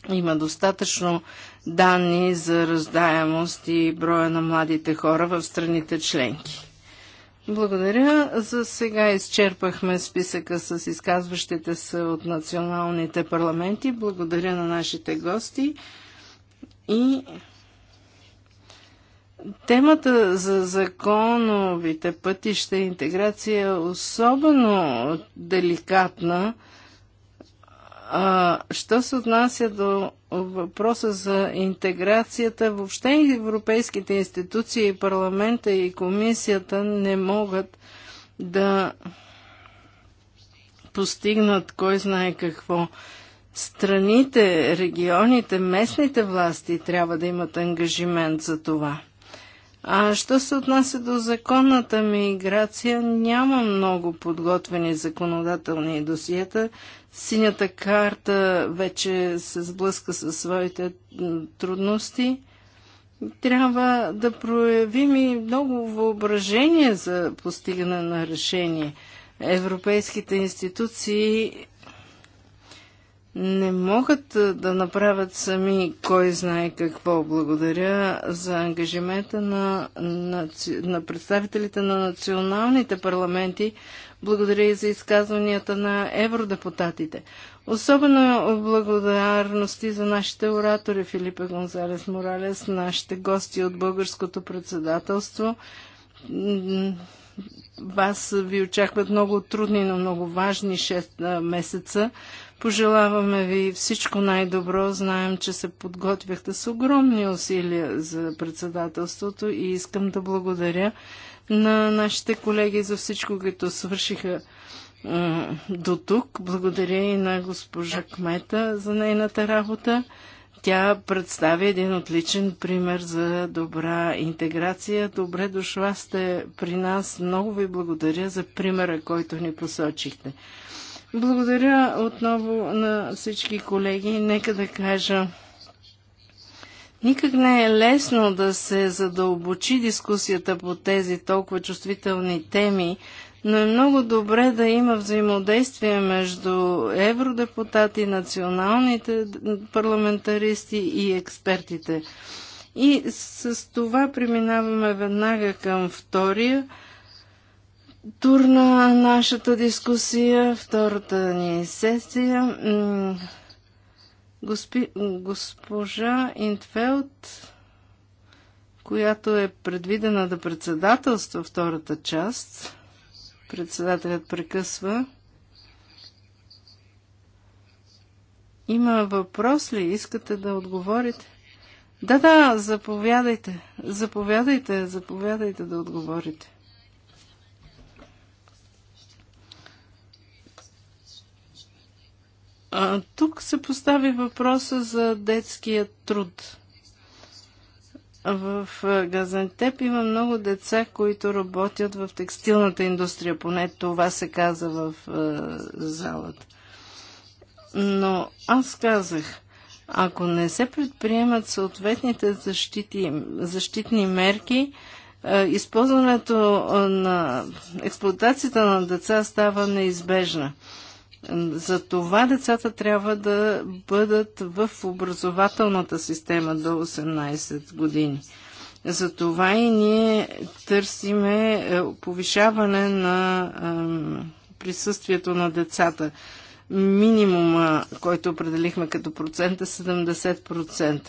Има достатъчно данни за раздаемост и броя на младите хора в страните членки. Благодаря. За сега изчерпахме списъка с изказващите се от националните парламенти. Благодаря на нашите гости и Темата за законовите пътища и интеграция е особено деликатна. А, що се отнася до въпроса за интеграцията, въобще европейските институции, и парламента и комисията не могат да постигнат кой знае какво. Страните, регионите, местните власти трябва да имат ангажимент за това. А що се отнася до законната миграция, няма много подготвени законодателни досиета. Синята карта вече се сблъска със своите трудности. Трябва да проявим и много въображение за постигане на решение. Европейските институции не могат да направят сами кой знае какво. Благодаря за ангажимента на, на, на представителите на националните парламенти. Благодаря и за изказванията на евродепутатите. Особено благодарности за нашите оратори Филипе Гонзалес Моралес, нашите гости от българското председателство. Вас ви очакват много трудни, но много важни 6 месеца. Пожелаваме ви всичко най-добро. Знаем, че се подготвяхте с огромни усилия за председателството и искам да благодаря на нашите колеги за всичко, което свършиха до тук. Благодаря и на госпожа Кмета за нейната работа. Тя представи един отличен пример за добра интеграция. Добре дошла сте при нас. Много ви благодаря за примера, който ни посочихте. Благодаря отново на всички колеги. Нека да кажа, никак не е лесно да се задълбочи дискусията по тези толкова чувствителни теми, но е много добре да има взаимодействие между евродепутати, националните парламентаристи и експертите. И с това преминаваме веднага към втория тур на нашата дискусия, втората ни сесия. Госпи, госпожа Интфелд, която е предвидена да председателства втората част, председателят прекъсва. Има въпрос ли? Искате да отговорите? Да, да, заповядайте. Заповядайте, заповядайте да отговорите. А, тук се постави въпроса за детския труд. В Газантеп има много деца, които работят в текстилната индустрия, поне това се каза в залата. Но аз казах, ако не се предприемат съответните защити, защитни мерки, използването на експлуатацията на деца става неизбежна. За това децата трябва да бъдат в образователната система до 18 години. За това и ние търсиме е, повишаване на присъствието на децата. Минимума, който определихме като процент е 70%.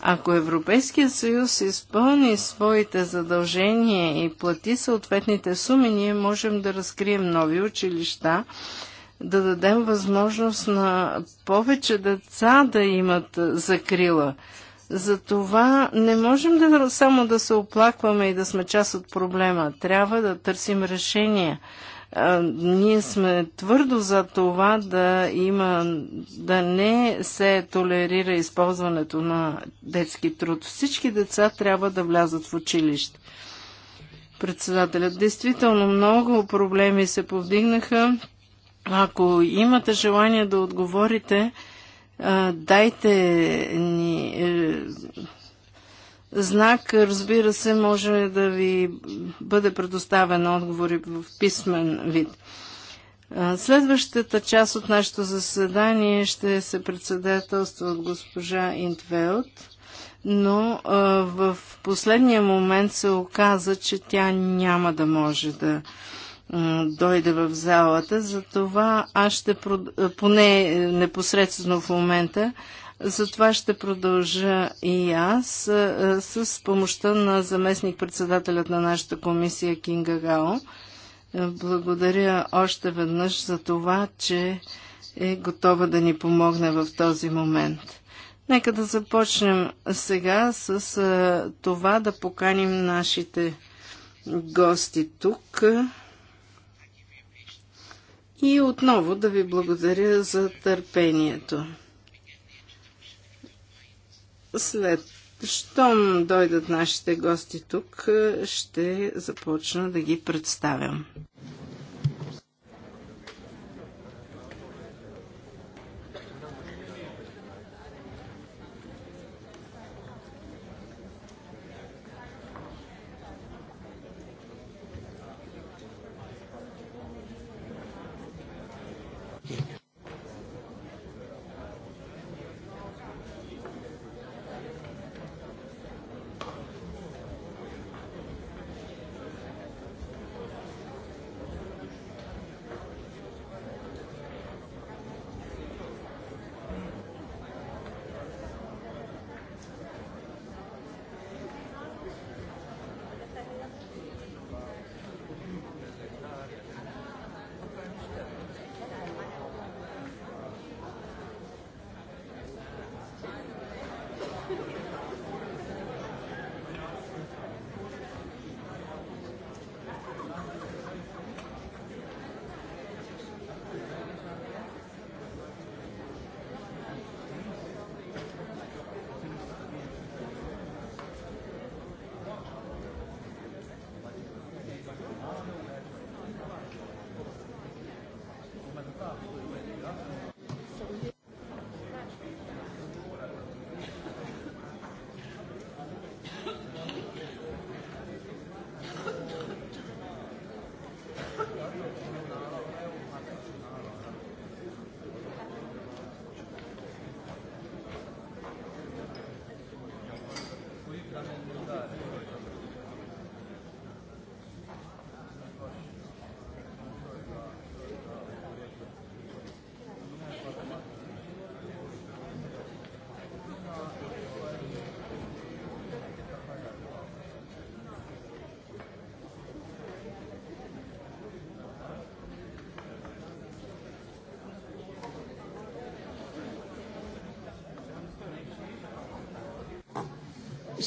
Ако Европейския съюз изпълни своите задължения и плати съответните суми, ние можем да разкрием нови училища да дадем възможност на повече деца да имат закрила. Затова не можем да само да се оплакваме и да сме част от проблема. Трябва да търсим решения. ние сме твърдо за това да има, да не се толерира използването на детски труд. Всички деца трябва да влязат в училище. Председателят, действително много проблеми се повдигнаха. Ако имате желание да отговорите, дайте ни е, знак. Разбира се, може да ви бъде предоставен отговор и в писмен вид. Следващата част от нашето заседание ще се председателства от госпожа Интвелт, но в последния момент се оказа, че тя няма да може да дойде в залата. Затова аз ще, прод... поне непосредствено в момента, затова ще продължа и аз с помощта на заместник-председателят на нашата комисия Кинга Гао. Благодаря още веднъж за това, че е готова да ни помогне в този момент. Нека да започнем сега с това да поканим нашите гости тук. И отново да ви благодаря за търпението. След щом дойдат нашите гости тук, ще започна да ги представям.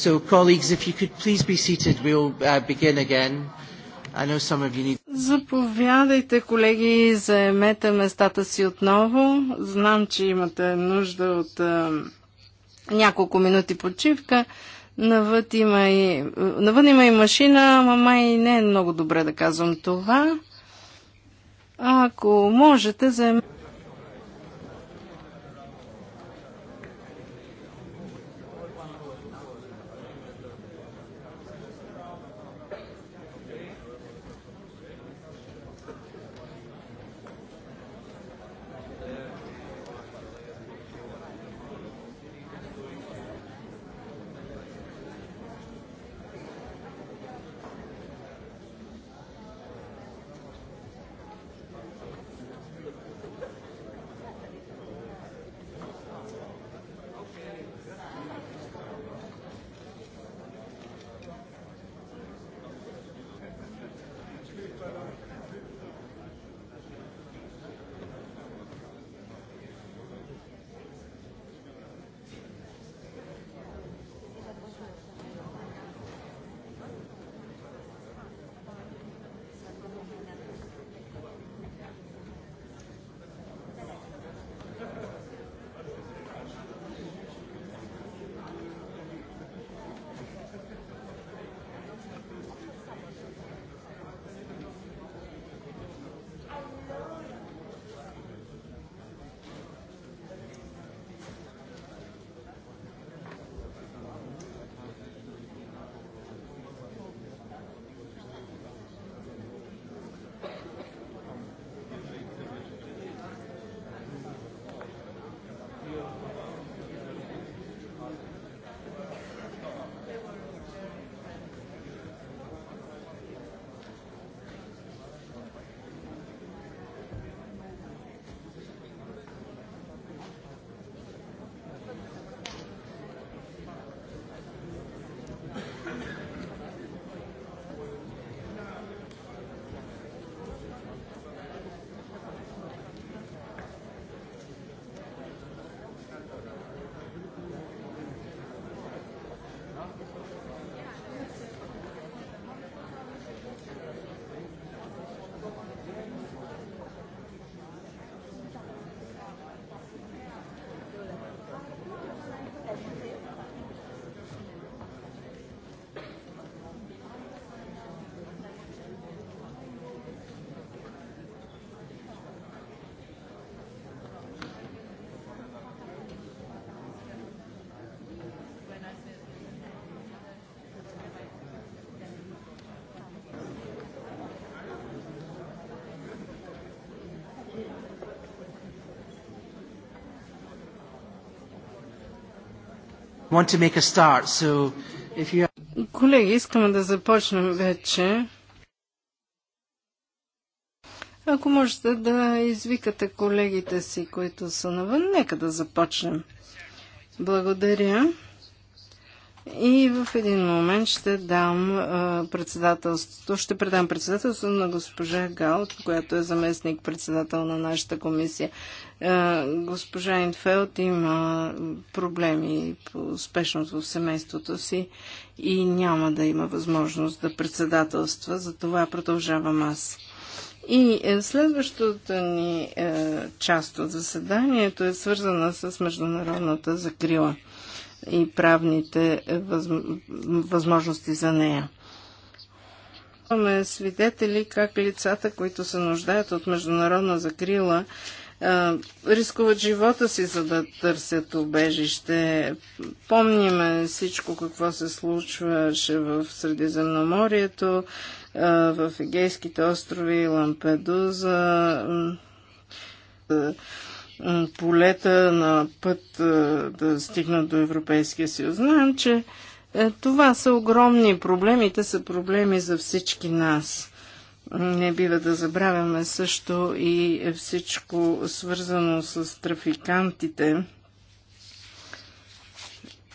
So, colleagues, if you could please be seated, we'll uh, begin again. I know some of you need... Заповядайте, колеги, заемете местата си отново. Знам, че имате нужда от няколко минути почивка. Навът има и, навън има и машина, ама май не е много добре да казвам това. Ако можете, заемете want to make a start. So if you Колеги, искаме да започнем вече. Ако можете да извикате колегите си, които са навън, нека да започнем. Благодаря. И в един момент ще дам председателството, ще предам председателството на госпожа Галт, която е заместник председател на нашата комисия. Е, госпожа Инфелд има проблеми по успешност в семейството си и няма да има възможност да председателства, затова продължавам аз. И е, следващата ни е, част от заседанието е свързана с международната закрила и правните възможности за нея. Имаме свидетели как лицата, които се нуждаят от международна закрила, рискуват живота си, за да търсят убежище. Помниме всичко какво се случваше в Средиземноморието, в Егейските острови, Лампедуза, полета на път да стигнат до Европейския съюз. Знаем, че е, това са огромни проблеми, те са проблеми за всички нас. Не бива да забравяме също и всичко свързано с трафикантите.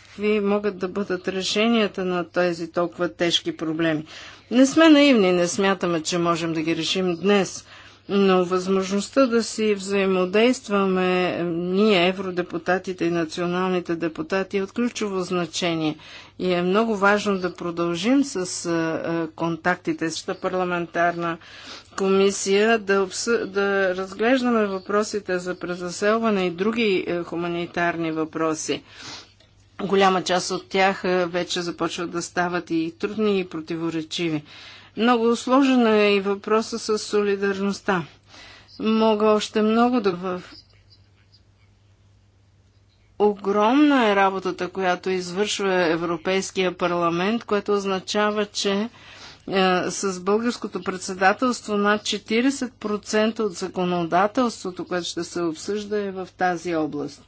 Какви могат да бъдат решенията на тези толкова тежки проблеми? Не сме наивни, не смятаме, че можем да ги решим днес, но възможността да си взаимодействаме ние, евродепутатите и националните депутати, е от ключово значение. И е много важно да продължим с контактите с парламентарна комисия, да, обсъ... да разглеждаме въпросите за презаселване и други е, хуманитарни въпроси. Голяма част от тях е, вече започват да стават и трудни и противоречиви. Много сложена е и въпроса с солидарността. Мога още много да в огромна е работата, която извършва Европейския парламент, което означава, че е, с българското председателство над 40% от законодателството, което ще се обсъжда е в тази област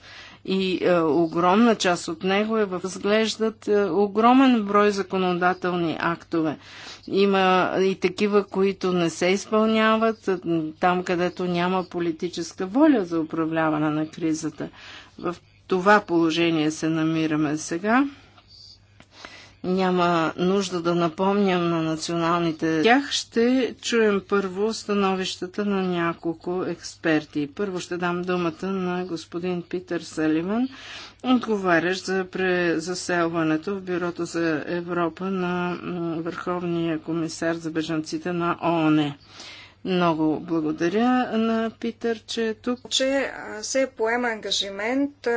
и е, огромна част от него е възглеждат е, огромен брой законодателни актове. Има и такива, които не се изпълняват е, там, където няма политическа воля за управляване на кризата. В това положение се намираме сега. Няма нужда да напомням на националните. Тях ще чуем първо становищата на няколко експерти. Първо ще дам думата на господин Питър Саливан, отговарящ за презаселването в Бюрото за Европа на Върховния комисар за бежанците на ООН. Много благодаря на Питър, че е тук. Че се поема ангажимент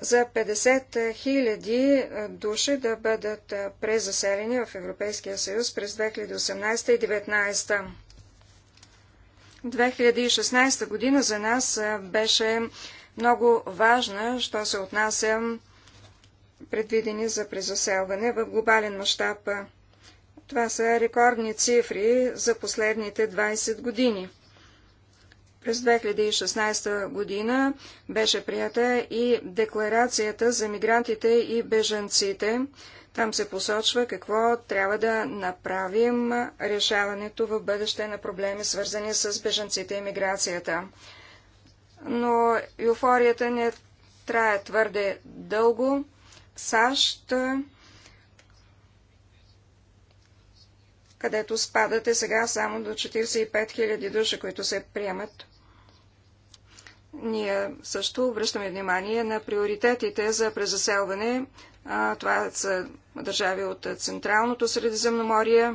за 50 хиляди души да бъдат презаселени в Европейския съюз през 2018 и 2019. 2016 година за нас беше много важна, що се отнася предвидени за презаселване в глобален мащаб. Това са рекордни цифри за последните 20 години. През 2016 година беше прията и декларацията за мигрантите и бежанците. Там се посочва какво трябва да направим решаването в бъдеще на проблеми, свързани с бежанците и миграцията. Но еуфорията не трае твърде дълго. САЩ, където спадате сега само до 45 000 души, които се приемат. Ние също обръщаме внимание на приоритетите за презаселване. Това са държави от Централното Средиземноморие.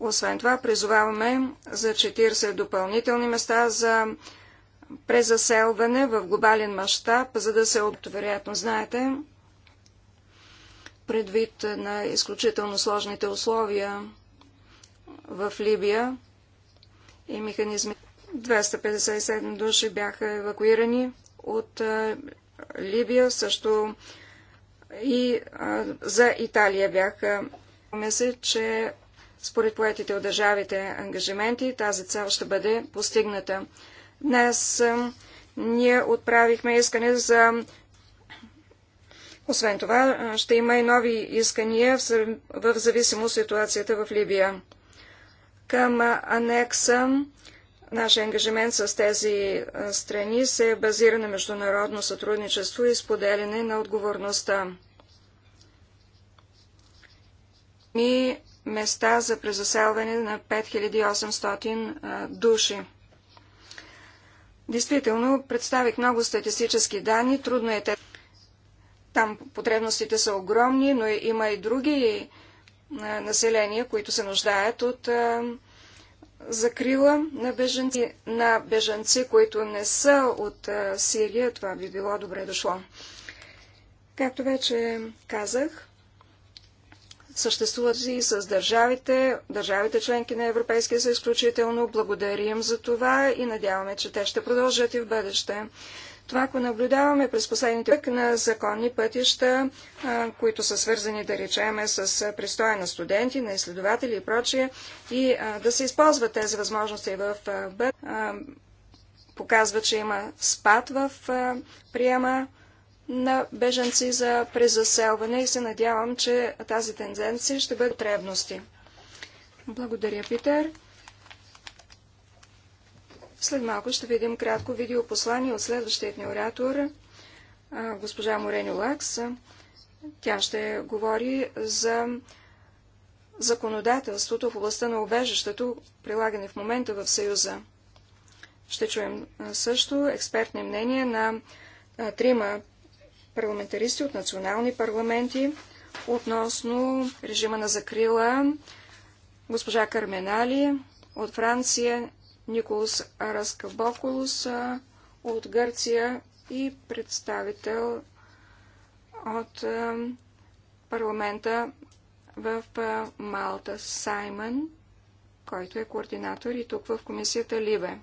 Освен това, призоваваме за 40 допълнителни места за презаселване в глобален мащаб, за да се от, вероятно знаете, предвид на изключително сложните условия в Либия и механизмите. 257 души бяха евакуирани от Либия, също и а, за Италия бяха. Мисля, че според поетите от държавите ангажименти тази цел ще бъде постигната. Днес а, ние отправихме искане за. Освен това, ще има и нови искания в, в зависимост от ситуацията в Либия. Към анекса Нашия ангажимент с тези страни се базира на международно сътрудничество и споделяне на отговорността. И места за презаселване на 5800 души. Действително, представих много статистически данни, трудно е те. Там потребностите са огромни, но има и други населения, които се нуждаят от закрила на беженци, на беженци които не са от Сирия, това би било добре дошло. Както вече казах, съществуват и с държавите, държавите членки на Европейския съюз изключително. Благодарим за това и надяваме, че те ще продължат и в бъдеще. Това, ако наблюдаваме през последните век на законни пътища, които са свързани, да речеме, с престоя на студенти, на изследователи и прочие, и да се използват тези възможности в бъд, показва, че има спад в приема на беженци за презаселване и се надявам, че тази тенденция ще бъде потребности. Благодаря, Питер. След малко ще видим кратко видеопослание от следващият ни оратор, госпожа Морени Лакс. Тя ще говори за законодателството в областта на убежището, прилагане в момента в Съюза. Ще чуем също експертни мнения на трима парламентаристи от национални парламенти относно режима на закрила госпожа Карменали от Франция, Николс Раскабоколус от Гърция и представител от парламента в Малта Саймън, който е координатор и тук в комисията Либе.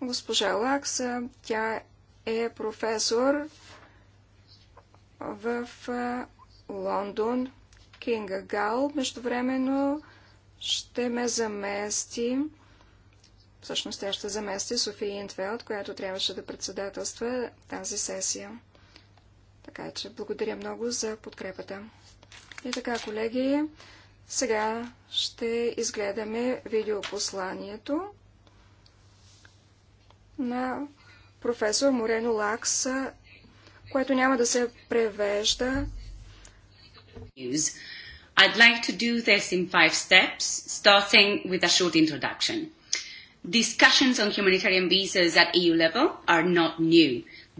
Госпожа Лакса, тя е професор в Лондон. Кинга Гал междувременно ще ме замести. Всъщност тя ще замести София Интвелд, която трябваше да председателства тази сесия. Така че благодаря много за подкрепата. И така, колеги, сега ще изгледаме видеопосланието на професор Морено Лакс което няма да се превежда. I'd like to do this in five steps, starting with a short introduction. Discussions on humanitarian visas at EU level are not new.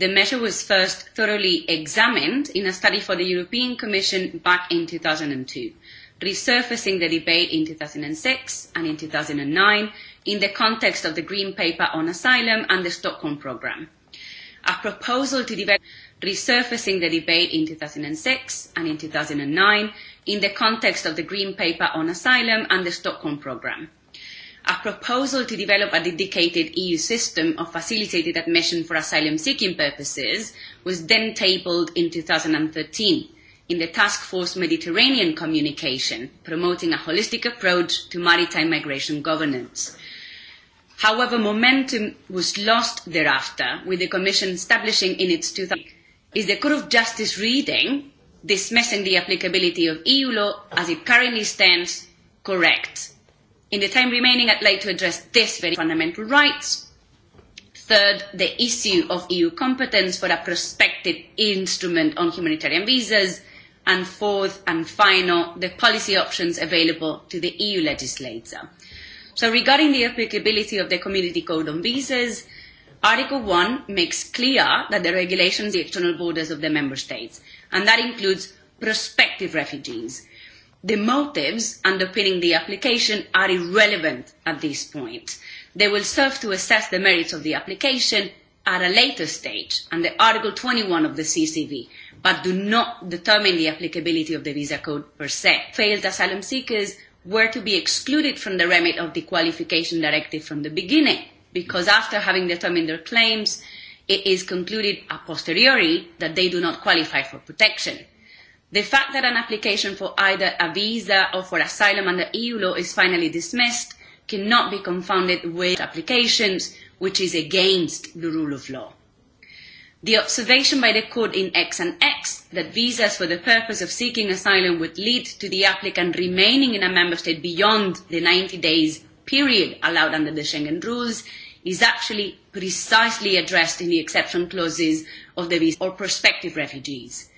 The measure was first thoroughly examined in a study for the European Commission back in 2002, resurfacing the debate in 2006 and in 2009 in the context of the Green Paper on Asylum and the Stockholm Programme. A proposal to develop resurfacing the debate in 2006 and in 2009 in the context of the Green Paper on Asylum and the Stockholm Programme. A proposal to develop a dedicated EU system of facilitated admission for asylum seeking purposes was then tabled in 2013 in the Task Force Mediterranean communication promoting a holistic approach to maritime migration governance. However, momentum was lost thereafter, with the Commission establishing in its 2000 is the Court of Justice reading dismissing the applicability of EU law as it currently stands correct? In the time remaining, I'd like to address this very fundamental rights. Third, the issue of EU competence for a prospective instrument on humanitarian visas. And fourth and final, the policy options available to the EU legislator. So regarding the applicability of the Community Code on Visas, Article 1 makes clear that the regulation the external borders of the member states, and that includes prospective refugees. The motives underpinning the application are irrelevant at this point. They will serve to assess the merits of the application at a later stage under Article 21 of the CCV, but do not determine the applicability of the visa code per se. Failed asylum seekers were to be excluded from the remit of the qualification directive from the beginning because after having determined their claims, it is concluded a posteriori that they do not qualify for protection. The fact that an application for either a visa or for asylum under EU law is finally dismissed cannot be confounded with applications, which is against the rule of law. The observation by the court in X and X that visas for the purpose of seeking asylum would lead to the applicant remaining in a member state beyond the 90 days period allowed under the Schengen rules is actually precisely addressed in the exception clauses of the visa or prospective refugees.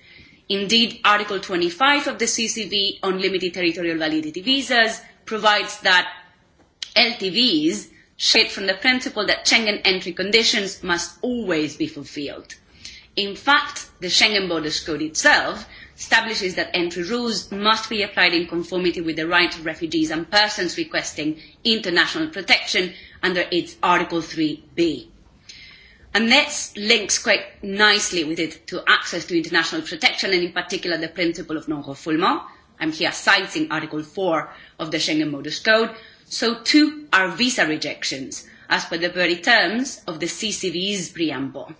Indeed, Article 25 of the CCV on limited territorial validity visas provides that LTVs shaped from the principle that Schengen entry conditions must always be fulfilled. In fact, the Schengen Borders Code itself establishes that entry rules must be applied in conformity with the rights of refugees and persons requesting international protection under its Article 3b. And this links quite nicely with it to access to international protection and in particular the principle of non-refoulement. I'm here citing Article 4 of the Schengen Modus Code. So too are visa rejections as per the very terms of the CCV's preamble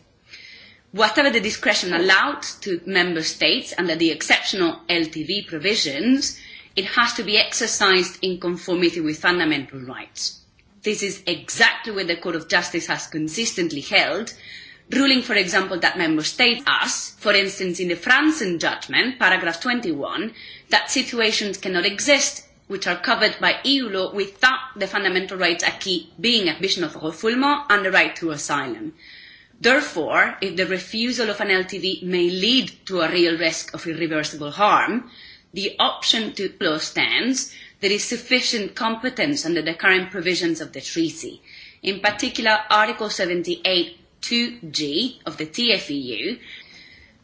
whatever the discretion allowed to member states under the exceptional LTV provisions, it has to be exercised in conformity with fundamental rights. This is exactly what the Court of Justice has consistently held, ruling, for example, that member states us, for instance, in the Franzen judgment, paragraph 21, that situations cannot exist which are covered by EU law without the fundamental rights acquis being a vision of refoulement and the right to asylum. Therefore, if the refusal of an LTD may lead to a real risk of irreversible harm, the option to close stands there is sufficient competence under the current provisions of the treaty. In particular, Article 78 2G of the TFEU.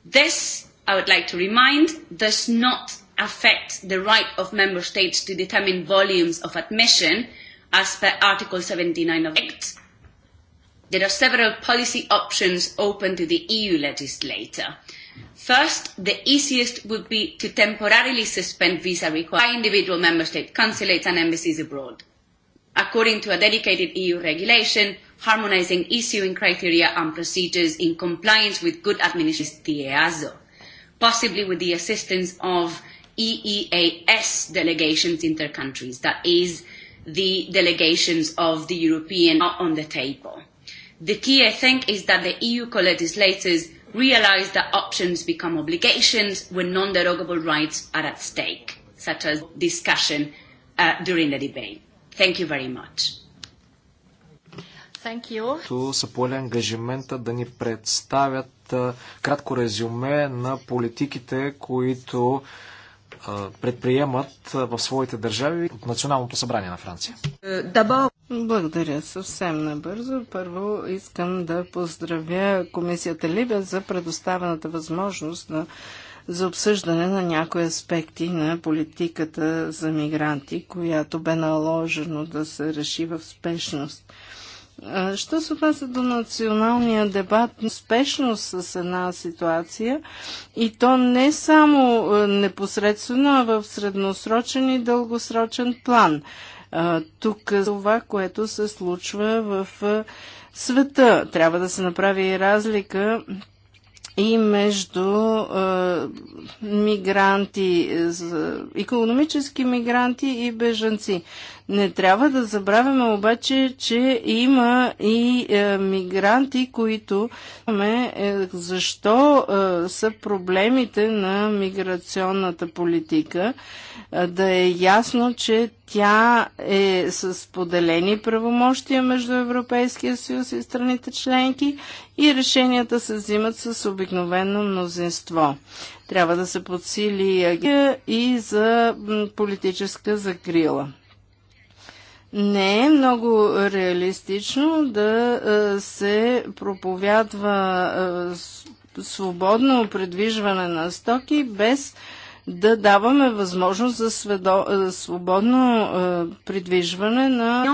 This, I would like to remind, does not affect the right of member states to determine volumes of admission as per Article 79 of the there are several policy options open to the EU legislator. First, the easiest would be to temporarily suspend visa requirements by individual member state consulates and embassies abroad, according to a dedicated EU regulation harmonising issuing criteria and procedures in compliance with good administration the EASO, possibly with the assistance of EEAS delegations inter countries, that is, the delegations of the European on the table The key, I think, is that the EU co-legislators realise that options become obligations when non-derogable rights are at stake, such as discussion uh, during the debate. Thank you very much. Thank you. То са поели ангажимента да ни представят кратко резюме на политиките, които предприемат в своите държави от Националното събрание на Франция? Благодаря съвсем набързо. Първо искам да поздравя комисията Либе за предоставената възможност на за обсъждане на някои аспекти на политиката за мигранти, която бе наложено да се реши в спешност. Що се отнася до националния дебат, спешност с една ситуация и то не само непосредствено, а в средносрочен и дългосрочен план. Тук това, което се случва в света. Трябва да се направи и разлика и между е, мигранти, е, економически мигранти и бежанци. Не трябва да забравяме обаче, че има и е, мигранти, които е, защо е, са проблемите на миграционната политика. Е, да е ясно, че тя е с поделени правомощия между Европейския съюз и страните членки и решенията се взимат с обикновено мнозинство. Трябва да се подсили и за политическа закрила не е много реалистично да се проповядва свободно придвижване на стоки без да даваме възможност за сведо... Е, свободно е, придвижване на...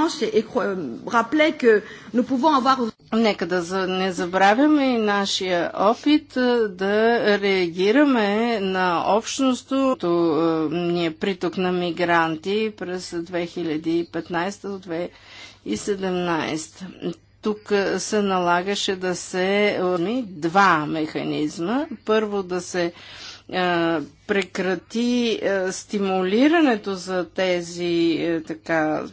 Euh, Нека да не забравяме и нашия опит е, да реагираме на ни е, приток на мигранти през 2015 до 2017 тук е, се налагаше да се два механизма. Първо да се е, прекрати е, стимулирането за тези е, така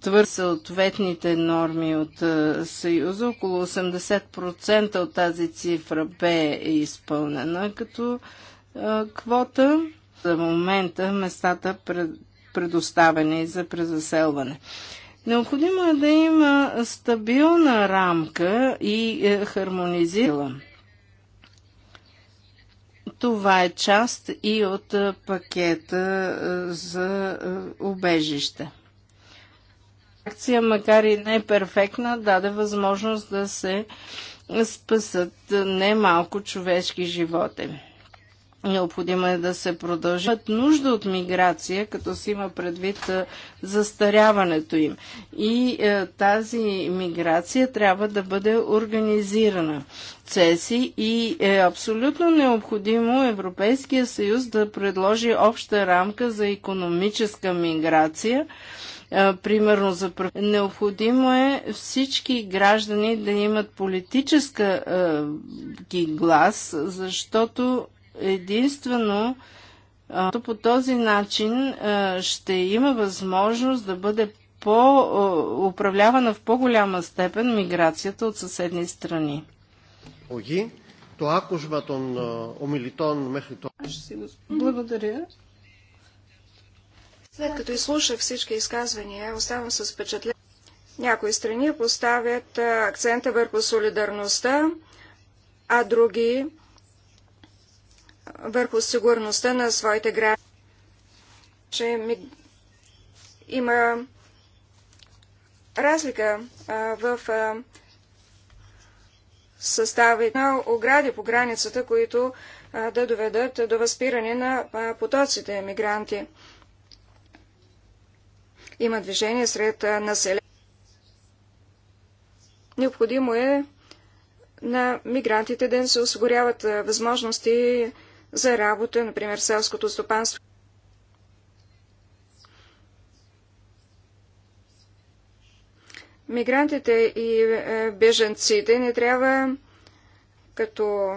твърд съответните норми от е, Съюза. Около 80% от тази цифра бе изпълнена като е, квота. За момента местата пред, предоставени за презаселване. Необходимо е да има стабилна рамка и е, хармонизирана. Това е част и от пакета за убежище. Акция, макар и не перфектна, даде възможност да се спасат немалко човешки животи. Необходимо е да се продължат нужда от миграция, като се има предвид застаряването им. И е, тази миграция трябва да бъде организирана. Цеси и е абсолютно необходимо Европейския съюз да предложи обща рамка за економическа миграция е, примерно за Необходимо е всички граждани да имат политическа е, глас, защото единствено по този начин ще има възможност да бъде по, управлявана в по-голяма степен миграцията от съседни страни. Благодаря. След като изслушах всички изказвания, оставам с впечатление. Някои страни поставят акцента върху солидарността, а други върху сигурността на своите граждани, че ми... има разлика а, в а, състави на огради по границата, които а, да доведат до възпиране на а, потоците мигранти. Има движение сред населението. Необходимо е на мигрантите да им се осигуряват възможности за работа, например, в селското стопанство. Мигрантите и е, беженците не трябва като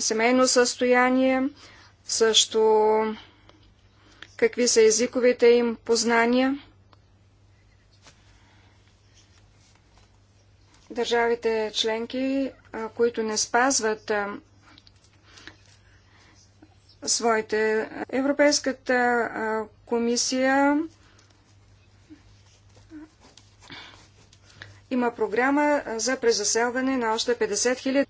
семейно състояние, също какви са езиковите им познания. Държавите членки, които не спазват своите. Европейската комисия има програма за презаселване на още 50 000.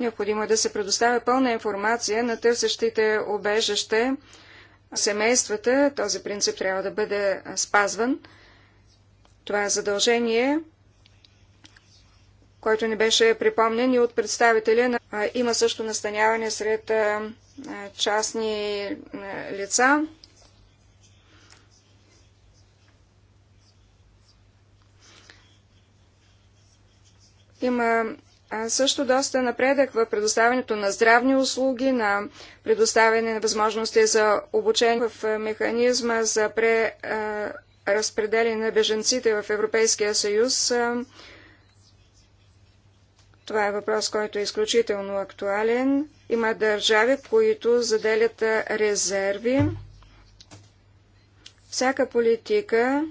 Необходимо е да се предоставя пълна информация на търсещите обежаще, семействата. Този принцип трябва да бъде спазван. Това е задължение който ни беше припомнен и от представителя. На... Има също настаняване сред частни лица. Има също доста напредък в предоставянето на здравни услуги, на предоставяне на възможности за обучение в механизма за преразпределение на беженците в Европейския съюз. Това е въпрос, който е изключително актуален. Има държави, които заделят резерви. Всяка политика,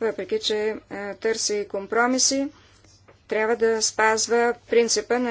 въпреки че търси компромиси, трябва да спазва принципа на